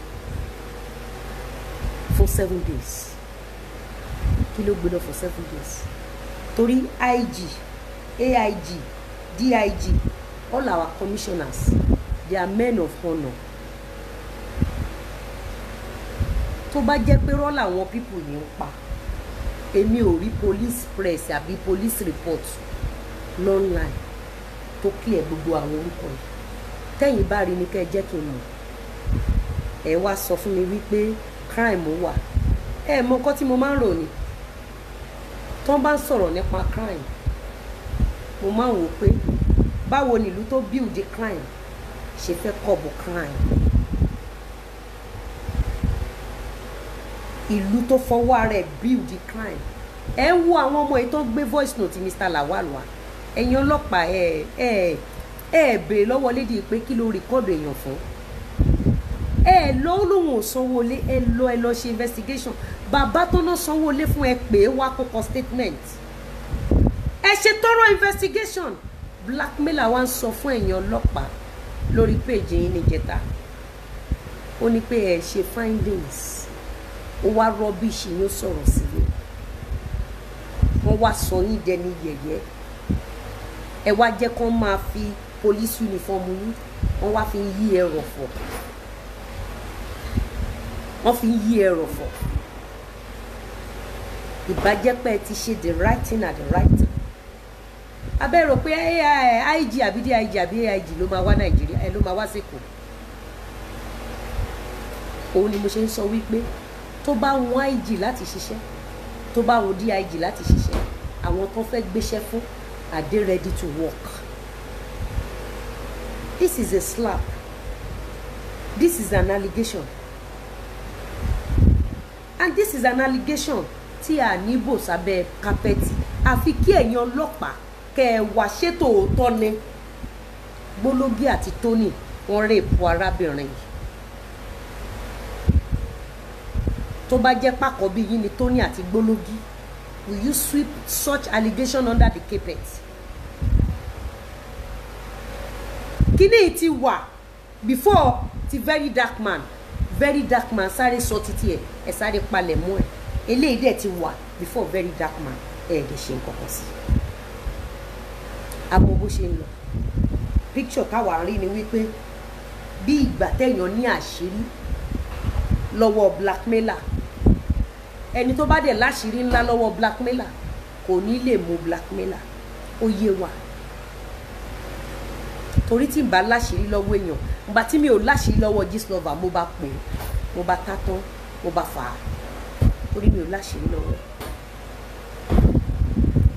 For seven days kilo ló for seven days torí IG AIG DIG all our commissioners they are men of honour tó bá jẹ́ pé rọ́lá àwọn pípù ní ń pa èmi ò rí police press àbí police report online tó clear gbogbo àwọn orúkọ yìí tẹ́yìn bá rí ni kẹ́ ẹ jẹ́ kí n mọ̀ ẹ wá sọ fún mi wípé crime wà ẹ mọ nǹkan tí mo máa ń rò ni tó bá ń sọ̀rọ̀ nípa crime mo máa ń wò pé báwo ni ìlú tó build the crime ṣe fẹ́ kọ̀bù crime ìlú tó fọwọ́ ara build the crime ẹ ń wo àwọn ọmọ yìí tó ń gbé voice note Mr. Lawal wa ẹ̀yin ọlọ́pàá ẹ̀ ẹ̀ ẹ̀ bèrè lọ́wọ́ lédi pé kí ló rìkọ́dù èèyàn fún ẹ lọ lòun ò sanwó lé ẹ lọ ẹ lọ ṣe investigation bàbá tó náà sanwó lé fún ẹ pé wá kọ́kọ́ statement ẹ ṣe tọrọ investigation blackmailer wa ń sọ fún ẹ̀yin ọlọ́pàá lórí péjì yín níjẹta ó ní pé ẹ ṣe findings ó wá rọ́bìṣì yín ó sọ̀rọ̀ sílé wọ́n wá sọ yín dẹni yẹ̀yẹ́ ẹ wá jẹ́ kó máa fi police uniform yín wọ́n wá fi yí ẹ rọ̀fọ̀ wọ́n fi ń yí ẹrù fọ̀ ìbájẹ́pẹ́ ti ṣe the right thing at the right time abẹ́ rò pé eh, IG àbí DIG àbí AIG ló máa wá Nàìjíríà ẹ ló máa wá sèkó òun ni mo ṣe ń sọ wípé tó bá wọn IG láti ṣiṣẹ́ tó bá wọn DIG láti ṣiṣẹ́ àwọn tó fẹ́ gbéṣẹ́ fún are they ready to work this is a slap this is an allegation and this is an allegation tí a níbò sábẹ́ kápẹ́tì àfi kí ẹ̀yin ọlọ́pàá kẹ́ ẹ ṣètò òótọ́ ni gbólógì àti tony wọ́n rèèpù arábìnrin yìí tó bá jẹ́ pàkọ́bí yìí ni tony àti gbólógì will you sweep such allegation under the carpet kíní ti wà before the very dark man very dark man sáré sọ títí ẹ̀ ẹ̀ sáré palẹ̀ mọ́ ẹ̀ eléyìí dẹ̀ ti wà before very dark man ẹ̀ lè ṣe nǹkan kan sí i bó ṣe ń lọ picture táwa rí ni wípé bí ìgbà téèyàn ní àṣírí lọ́wọ́ blackmailer ẹni tó bá dẹ̀ láṣìírí ńlá lọ́wọ́ blackmailer kò ní lè mú blackmailer ó yé wa torí tí n bá láṣìírí lọ́wọ́ èèyàn ìgbà tí mi ò láṣìírí lọ́wọ́ Gistlover mo bá pè é mo bá ta tán mo bá fà á torí mi ò láṣìírí lọ́wọ́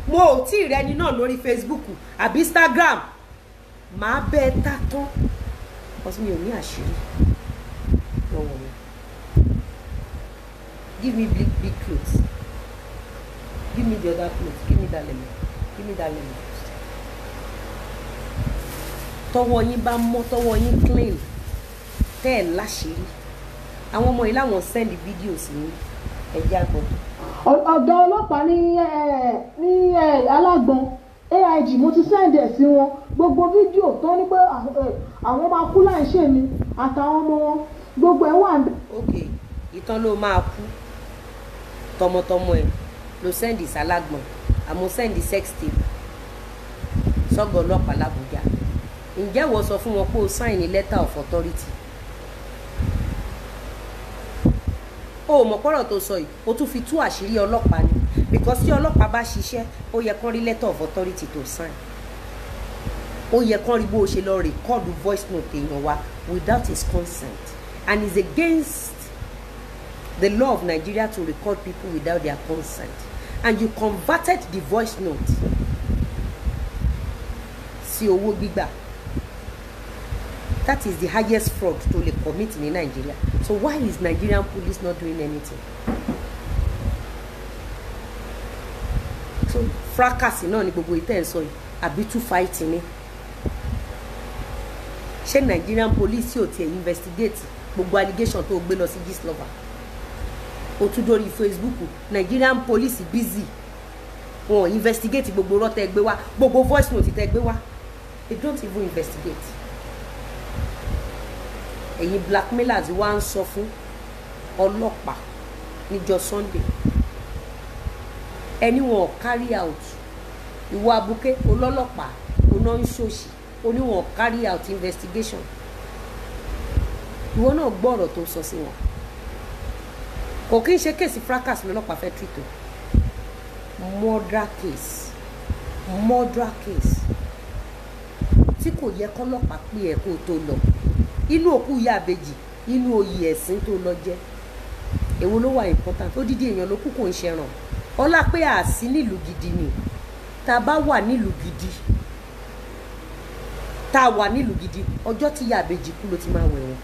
mo ò tí ì rẹni náà lórí Facebook àbí Instagram màá bẹ́ẹ̀ ta tán because mi ò ní àṣírí lọ́wọ́ mi give me big big clothes give me the other clothes give me that lemon give me that lemon tọwọ́ yín bá mọ́ tọwọ́ yín clean tẹ́ ẹ̀ láṣìírí àwọn ọmọ yìí láwọn send fídíò sí ní ẹ̀jẹ̀ àgbọ̀n. ọ̀gá ọlọ́pàá ní ní alágbọ̀n aig mo ti send ẹ̀ sí wọn gbogbo fídíò tó ní pé àwọn máa kú láì ṣe mi àtàwọn ọmọ wọn gbogbo ẹ̀ wà. ok ìtàn ló máa kú tọmọtọmọ ẹ ló send ìsálágbọ̀n àmọ́ send sex tape sọ́gọ̀ ọlọ́pàá làbújá ǹjẹ́ ìwọ sọ fún wọn pé o sign ní letter of authority o mọ̀ pọ́rọ̀ tó sọ yìí o tún fi tú àṣírí ọlọ́pàá ni because tí ọlọ́pàá bá ṣiṣẹ́ ó yẹ kán rí letter of authority tó sign ó yẹ kán rí bó o ṣe lọ record voice note èèyàn wa without his consent and is against the law of Nigeria to record people without their consent and you converted the voice note sí owó gbígbà that is the highest fraud to le commit ní Nigeria so why is Nigerian police not doing anything so fracas náà ni gbogbo ìtẹ́ ń sọ yìí àbí two fight ni ṣé Nigerian police ò tiẹ̀ investigate gbogbo allegation tó gbé lọ sí Gistlover ó tún dórí Facebook Nigerian police busy wọn investigate gbogbo rọ́tẹ́ gbé wa, gbogbo voice note tẹ́ gbé wá they don't even investigate ẹ̀yin blackmailers wá ń sọ fún ọlọ́pàá níjọ́ Sunday ẹni wọn carry out ìwà abuké olọ́lọ́pàá oná ń ṣòṣì oníwọ̀n carry out investigation ìwọ náà gbọ́ ọ̀rọ̀ tó sọ sí wọn kò kí n ṣe kéèsì fracas lọ́lọ́pàá fẹ́ tìtò murder case murder case tí kò yẹ kọ́lọ́pàá pé ẹ̀ kó tó lọ inú òkú ìyá àbèjì inú oyè ẹ̀sìn tó lọ jẹ́ èwo ló wà important odidi èèyàn ló kú kò ń ṣẹ̀ràn ọlá pé àsí nílùú gidi ni tá a bá wà nílùú gidi tá a wà nílùú gidi ọjọ́ tí ìyá àbèjì kú ló ti máa wẹ̀ wọ́n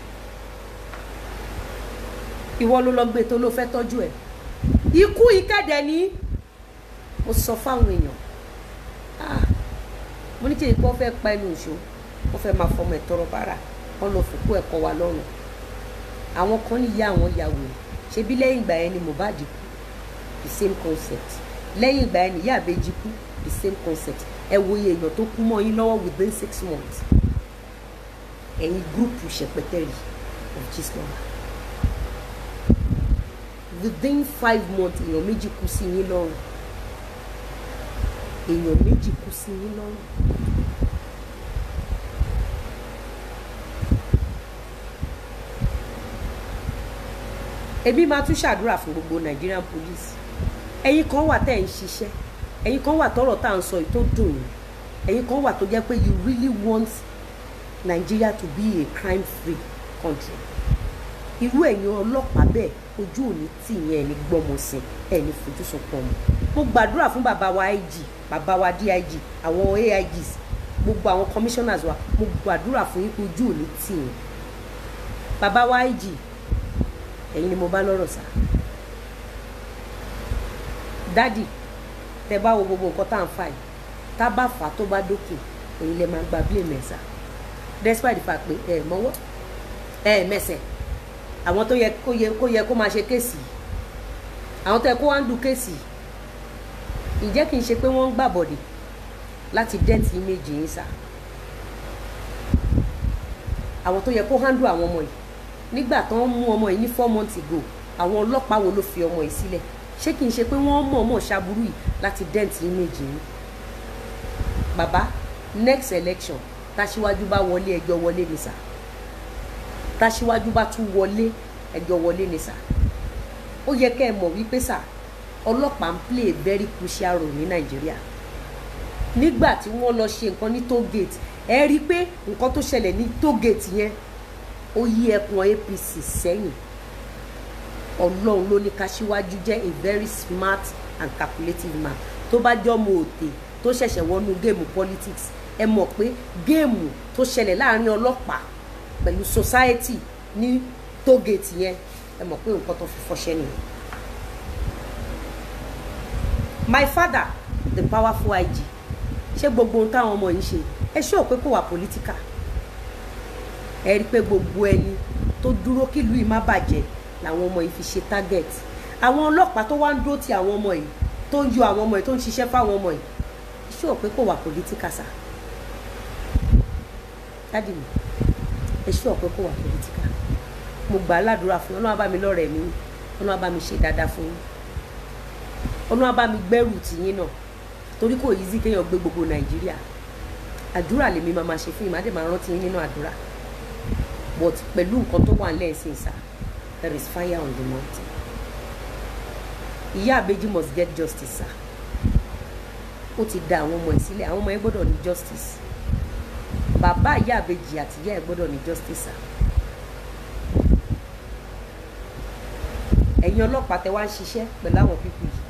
ìwọ ló lọ gbé e tó ló fẹ́ tọ́jú ẹ̀ ikú ìkéde ni mo sọ fáwọn èèyàn ah! mo ní kí n kọ́ fẹ́ pa ẹnu ìṣó mo fẹ́ máa fọmọ ẹ̀ tọrọ bára kán lọ fòkú ẹ̀kọ wa lọ́rùn àwọn kan ní ìyá àwọn yàwó ṣebí lẹ́yìn ìgbà yẹn ni Mohbad kú the same concept lẹ́yìn ìgbà yẹn ni ìyá àbèjì kú the same concept ẹ wo iye èèyàn tó kú mọ́ yín lọ́wọ́ within six months ẹ̀yin gúrùpù ṣẹpẹtẹ́rì of Gistlover within five months èèyàn méjì kú sí yín lọ́rùn èèyàn méjì kú sí yín lọ́rùn. èmi máa tún ṣàdúrà fún gbogbo Nigerian police ẹ̀yin kan wà tẹ́ ẹ̀ ń ṣiṣẹ́ ẹ̀yin kan wà tọ́rọ̀ tá à ń sọ yìí tó dùn yìí ẹ̀yin kan wà tó jẹ́ pé you really want Nigeria to be a crime free country irú ẹ̀yin ọlọ́pàá bẹ́ẹ̀ ojú òní tì yẹn ẹni gbọ́mọ sí ẹni fojú sunkún ọmọ mo gbàdúrà fún bàbá wa IG bàbá wa DIG àwọn AIGs gbogbo àwọn commissioners wa mo gbàdúrà fún yín ojú òní tì yẹn bàbá wa IG ẹ̀yin ni mo bá lọ́rọ̀ sá dádì tẹ bá wo gbogbo nǹkan tá à ń fà yìí tá bá fà á tó bá dókè èyí lè máa gba blame ẹ̀ despite the fact pé ẹ mọ́wọ́ ẹ mẹsẹ̀ àwọn tó yẹ kó yẹ kó yẹ kó máa ṣe kéèsì àwọn tó yẹ kó wá ń du kéèsì ǹjẹ́ kì í ṣe pé wọ́n ń gbàbọ̀dè láti dẹ́ǹtì image yín sá àwọn tó yẹ kó handle àwọn ọmọ yìí nígbà tó ń mú ọmọ yìí ní four months ago àwọn ọlọ́pàá wo ló fi ọmọ yìí sílẹ̀ ṣé kì í ṣe pé wọ́n mọ̀ọ́mọ̀ ṣaburú yìí láti dent image yìí bàbá next election táṣíwájú bá wọlé ẹjọ́ wọlé ni sà táṣíwájú bá tún wọlé ẹjọ́ wọlé ni sà ó yẹ kẹ́ ẹ mọ̀ wípé sà ọlọ́pàá ń play a very crucial role ní nàìjíríà nígbà tí wọ́n lọ ṣe nǹkan ní toll gate ẹ rí i pé nǹkan tó ṣẹlẹ̀ ní toll gate yẹn ó yí ẹkùn APC sẹ́yìn ọlọ́run ló ní Kàṣíwájú jẹ́ a very smart and calculative man tó bá jọ́mọ òtè tó ṣẹ̀ṣẹ̀ wọnú géèmù politics ẹ mọ̀ pé géèmù tó ṣẹlẹ̀ láàrin ọlọ́pàá pẹ̀lú society ní tógèètì yẹn ẹ mọ̀ pé nǹkan tó fi fọṣẹ́ nìyẹn. my father the powerful IG ṣé gbogbo ohun táwọn ọmọ yìí ṣe ẹ ṣé ò pé kò wà political ẹ rí i pé gbogbo ẹni tó dúró kílùú yìí má bàjẹ́ làwọn ọmọ yìí fi ṣe target àwọn ọlọ́pàá tó wá ń dúró ti àwọn ọmọ yìí tó ń yọ àwọn ọmọ yìí tó ń ṣiṣẹ́ fáwọn ọmọ yìí ṣó pé kò wà political sá dádì mi ẹ ṣó pé kò wà political mo gbà á ládùúrà fún ọlọ́run á mi lọ́rẹ̀ mi ọlọ́run á bá mi ṣe dáadáa fún yín ọlọ́run á mi gbẹ́rù tìyín náà torí kò easy kéèyàn gbé gbogbo nàìjíríà àdúrà lèmi máa ma ṣe fún yín má yín nínú àdúrà but pẹ̀lú nǹkan tó wà lẹ́sìn sá there is fire on the mountain ìyá àbèjì must get justice sá ó ti da àwọn ọmọ ẹ̀ sílẹ̀ àwọn ọmọ ẹ̀ gbọ́dọ̀ ní justice bàbá ìyá àbèjì àti ìyá ẹ̀ gbọ́dọ̀ ní justice sá. ẹ̀yin ọlọ́pàá tẹ wá ń ṣiṣẹ́ pẹ̀lú àwọn pípù yìí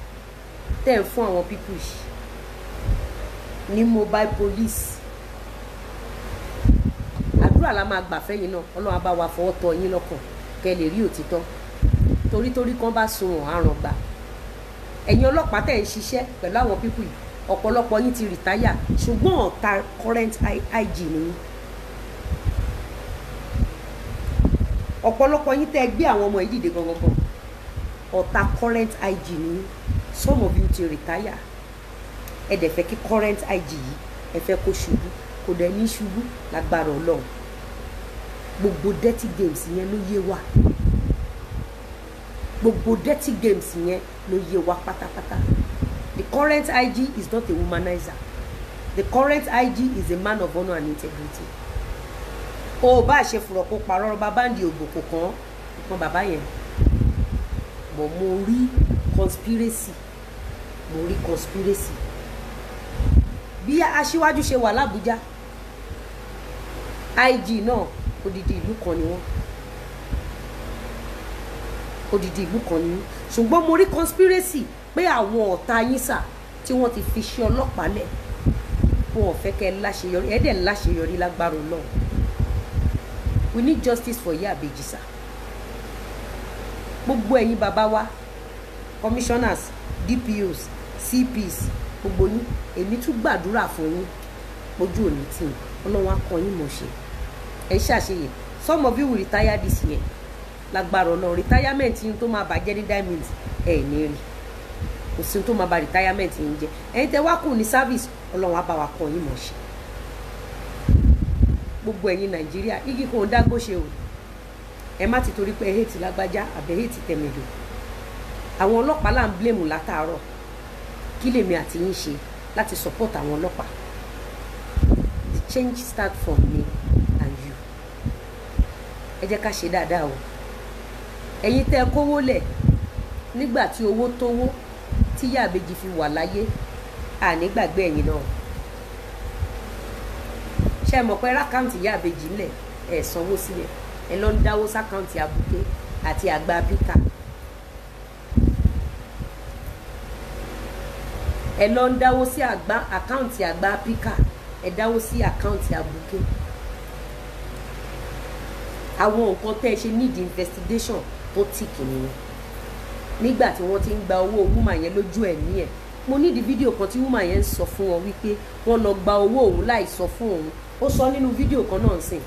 tẹ̀ ń fún àwọn pípù yìí ní mobile police àdúrà la máa gbà fẹ́yìn náà ọlọ́run á bá wa fọwọ́ tọ́ yín lọ́kàn kẹ́ ẹ lè rí òtítọ́ torí torí kan bá sunwọ̀n àrùn gbà ẹ̀yin ọlọ́pàá tẹ̀ ń ṣiṣẹ́ pẹ̀lú àwọn pípù yìí ọ̀pọ̀lọpọ̀ yín ti rìtáyà ṣùgbọ́n ọ̀tá current IG nìyí ọ̀pọ̀lọpọ̀ yín tẹ́ gbé àwọn ọmọ yìí gangan ọ̀tá current IG nìyí some of you ti rìtáyà ẹ dẹ̀ fẹ́ kí current IG yìí ẹ fẹ́ kó ṣubú kò dẹ̀ ní ṣubú lágbára ọlọ́run gbogbo dirty games yẹn ló yé wa gbogbo dirty games yẹn ló yé wa pátápátá the current IG is not a womanizer the current IG is a man of honour and integrity o ò bá ṣe fùrọ̀ kó parọ́ bàbá ń di ògbòkò kan ìpọn bàbá yẹn bọ̀ mo rí conspiracy mo rí conspiracy bí aṣíwájú ṣe wà l'Abuja IG náà. No odidi ìlú kan ni wọ́n odidi ìlú kan ni wọ́n ṣùgbọ́n mo rí conspiracy pé àwọn ọ̀tá yín sà tí wọ́n ti fi ṣe ọlọ́pàá lẹ̀ wọn ò fẹ́ kẹ́ láṣeyọrí ẹ̀ẹ́dẹ̀ láṣeyọrí lágbára Ọlọ́run we need justice for Ìyá Ìbejì sà gbogbo ẹ̀yin bàbá wa commissioners DPOs CPs gbogbo yín èmi tún gbàdúrà fún yín ojú òní tì yín ọlọ́wọ́n á kọ yín mọ̀ ṣe ẹ ṣàṣeyẹ some of you will retire this year lágbára ọ̀nà retirement yín tó máa bàjẹ́ ní nine minutes ẹ̀ ní rí kò sí tó máa ba retirement yín jẹ́ ẹ̀yin tẹ́ wá kù ní service ọlọ́run á bá wa kàn yín mọ̀ ṣe gbogbo ẹ̀yin nàìjíríà igi kò ń dágbó ṣe o ẹ má ti torí pé ẹ hẹ́ẹ̀tì lágbájá àbẹ̀ hẹ́ẹ̀tì tẹ̀mẹ̀dọ̀ àwọn ọlọ́pàá là ń blame látàárọ̀ kí lèmi àti yín ṣe láti support àwọn ọlọ́pàá the change start from me ẹ jẹ́ ká ṣe dáadáa o ẹ̀yin tẹ́ ẹ kówó lẹ̀ nígbà tí owó tówó tí yàbèjì fi wà láyé ànígbàgbé ẹ̀yin náà ṣe mọ̀ pé rákàǹtì yàbèjì ńlẹ̀ ẹ̀ sanwó sílẹ̀ ẹ lọ ń dáwó sákàǹtì abuké àti àgbà píkà ẹ lọ ń dáwó sí àkáǹtì àgbà píkà ẹ dáwó sí àkáǹtì abuké àwọn nǹkan tẹ́ ẹ ṣe need investigation tó tì kìnìún nígbà tí wọ́n ti ń gba owó woman yẹn lójú ẹ̀mí ẹ̀ mo ní di fídíò kan tí woman yẹn ń sọ fún wọn wípé wọ́n lọ gba owó òun láì sọ fún òun ó sọ nínú fídíò kan náà sìn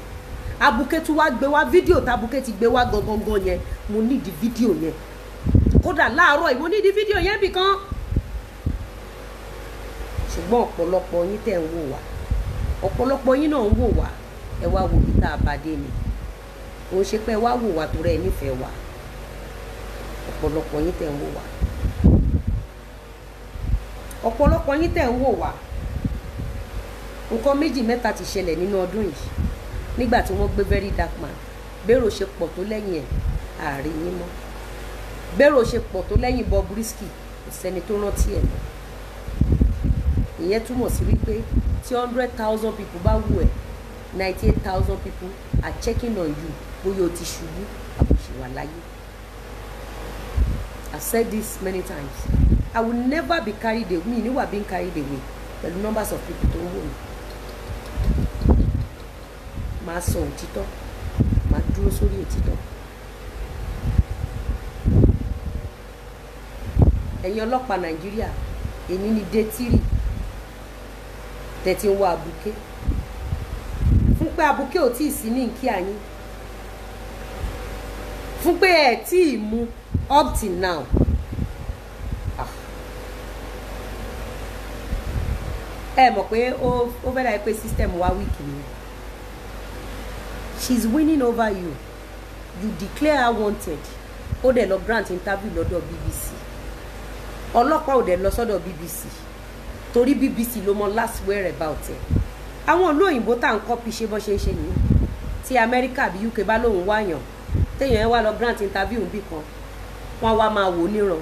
abuké tún wá gbé wá fídíò tabuké ti gbé wá gangan yẹn mo ní di fídíò yẹn kódà láàárọ̀ yìí mo ní di fídíò yẹn bìkan ṣùgbọ́n ọ̀pọ̀lọpọ̀ yín tẹ̀ ń wò wá ọ̀pọ̀lọpọ̀ yín náà ń wò wá ẹ wá wo ibi tá a bá dé ni kò ṣe pé wá wò wá torí ẹ nífẹ̀ẹ́ wa ọ̀pọ̀lọpọ̀ yín tẹ̀ ń wò wá ọ̀pọ̀lọpọ̀ yín tẹ̀ ń wò wá nǹkan méjì mẹ́ta ti ṣẹlẹ̀ nínú ọdún yìí nígbà tí wọ́n gbé very dark man bẹ́rò ṣe pọ̀ tó lẹ́yìn ẹ̀ ààrẹ yín mọ́ bẹ́rò ṣe pọ̀ tó lẹ́yìn Bobrisky kò sẹ́ni tó rántí ẹ̀ mọ́ ìyẹn túmọ̀ sí wípé tí hundred thousand people bá wù ẹ́ ninety eight thousand people are checking on you bóyá o ti ṣubú àbò ṣì wà láyé I've said this many times I will never be carried away mi níwà being carried away pẹ̀lú numbers of people tó ń wò mí máa sọ òtítọ́ máa dúró sórí òtítọ́ ẹ̀yin ọlọ́pàá Nàìjíríà èyí ni dé tírì tẹ̀ ti ń wá abuké fún pé abuké ò tí ì sí ní nkí àyín fún pé ẹ tí ì mu up till now. Ah. ẹ mọ̀ pé ó ó fẹ́ system wa weak ni she is winning over you you declare her wanted ó dẹ̀ lọ grant interview lọ́dọ̀ BBC ọlọ́pàá ò dẹ̀ lọ sọ́dọ̀ BBC torí BBC ló mọ last where about ẹ̀ àwọn olóyìnbó tá à ń kọ́ fi ṣe bọ́ ṣe ń ṣe nìyí tí Amẹ́ríkà àbí UK bá lóun wáyàn téèyàn wá lọ grant interview bì kan wọn wá máa wò níran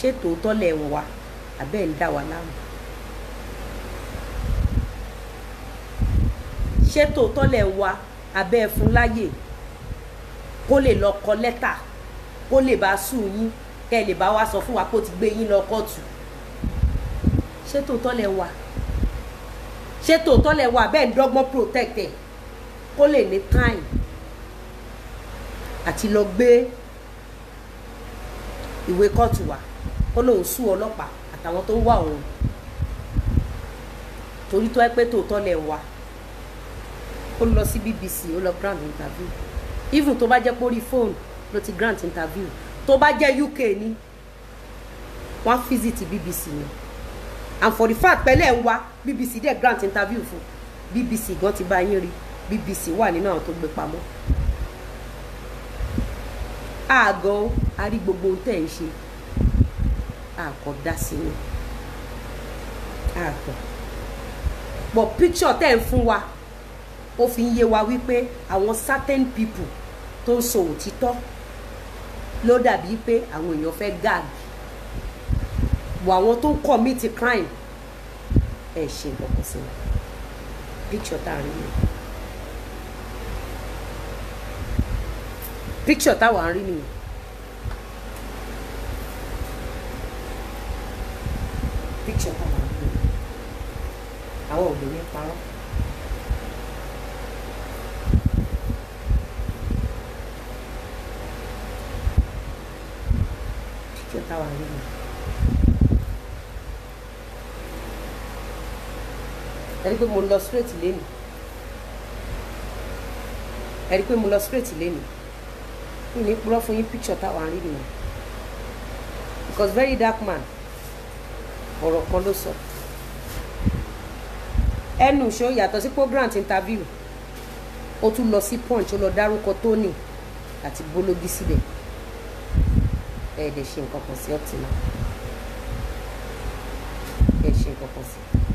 ṣé tòótọ́ lẹ̀ ń wá àbẹ́ ń dà wá láàmú ṣé tòótọ́ lẹ̀ ń wá àbẹ́ fún láyè kó lè lọ kọ lẹ́tà kó lè bá sùn yín kẹ́ ẹ lè bá wá sọ fún wa kó ti gbé yín lọ kóòtù ṣé tòótọ́ lẹ̀ ń wá ṣé tòótọ́ lẹ̀ ń wá àbẹ́ ń dọ́gbọ́n protect ẹ̀ kó lè ní time àti lọ gbé ìwé kóòtù wá kó lóun sú ọlọ́pàá àtàwọn tó ń wà òun torí tó ẹ pé tòótọ́ lẹ̀ wá ó lọ sí BBC ó lọ grant interview even tó bá jẹ́ pórí fóònù ló ti grant interview tó bá jẹ́ UK ni wọ́n fíìsìtì BBC ni and for the fact pẹ̀lẹ́ ń wa BBC dẹ̀ grant interview fún BBC gan ti bá yín rí BBC wà nínú àwọn tó gbé pamọ́ àgọ́ a rí gbogbo ohun tẹ̀ ń ṣe àkọ́ dá sí ni àkọ́ pọ̀ picture tẹ̀ ń fún wa ó fi ń yé wa wípé àwọn certain people tó ń sọ òtítọ́ ló dàbí pé àwọn èèyàn fẹ́ gag wọ àwọn tó ń commit crime ẹ̀ ṣe ìgbọ̀kọ̀sí picture tá a rí yẹn. picture táwa ń rí nìyẹn. picture táwa ń rí àwọn obìnrin parọ́. picture táwa ń rí nìyẹn. ẹni pé mo lọ straight lẹ́nu ẹni pé mo lọ straight lẹ́nu. You need purọ́ fún yín picture táwọn àrí nìyẹn because very dark man ọ̀rọ̀ kan ló sọ ẹnu ṣó yàtọ̀ sí program ti interview ó tún lọ sí punch ó Daru Kotoni Tony àti Bólógì síbẹ̀ ẹ̀ ẹ̀ dẹ̀ ṣe nǹkan kan sí ọ̀tí náà ẹ̀ ṣe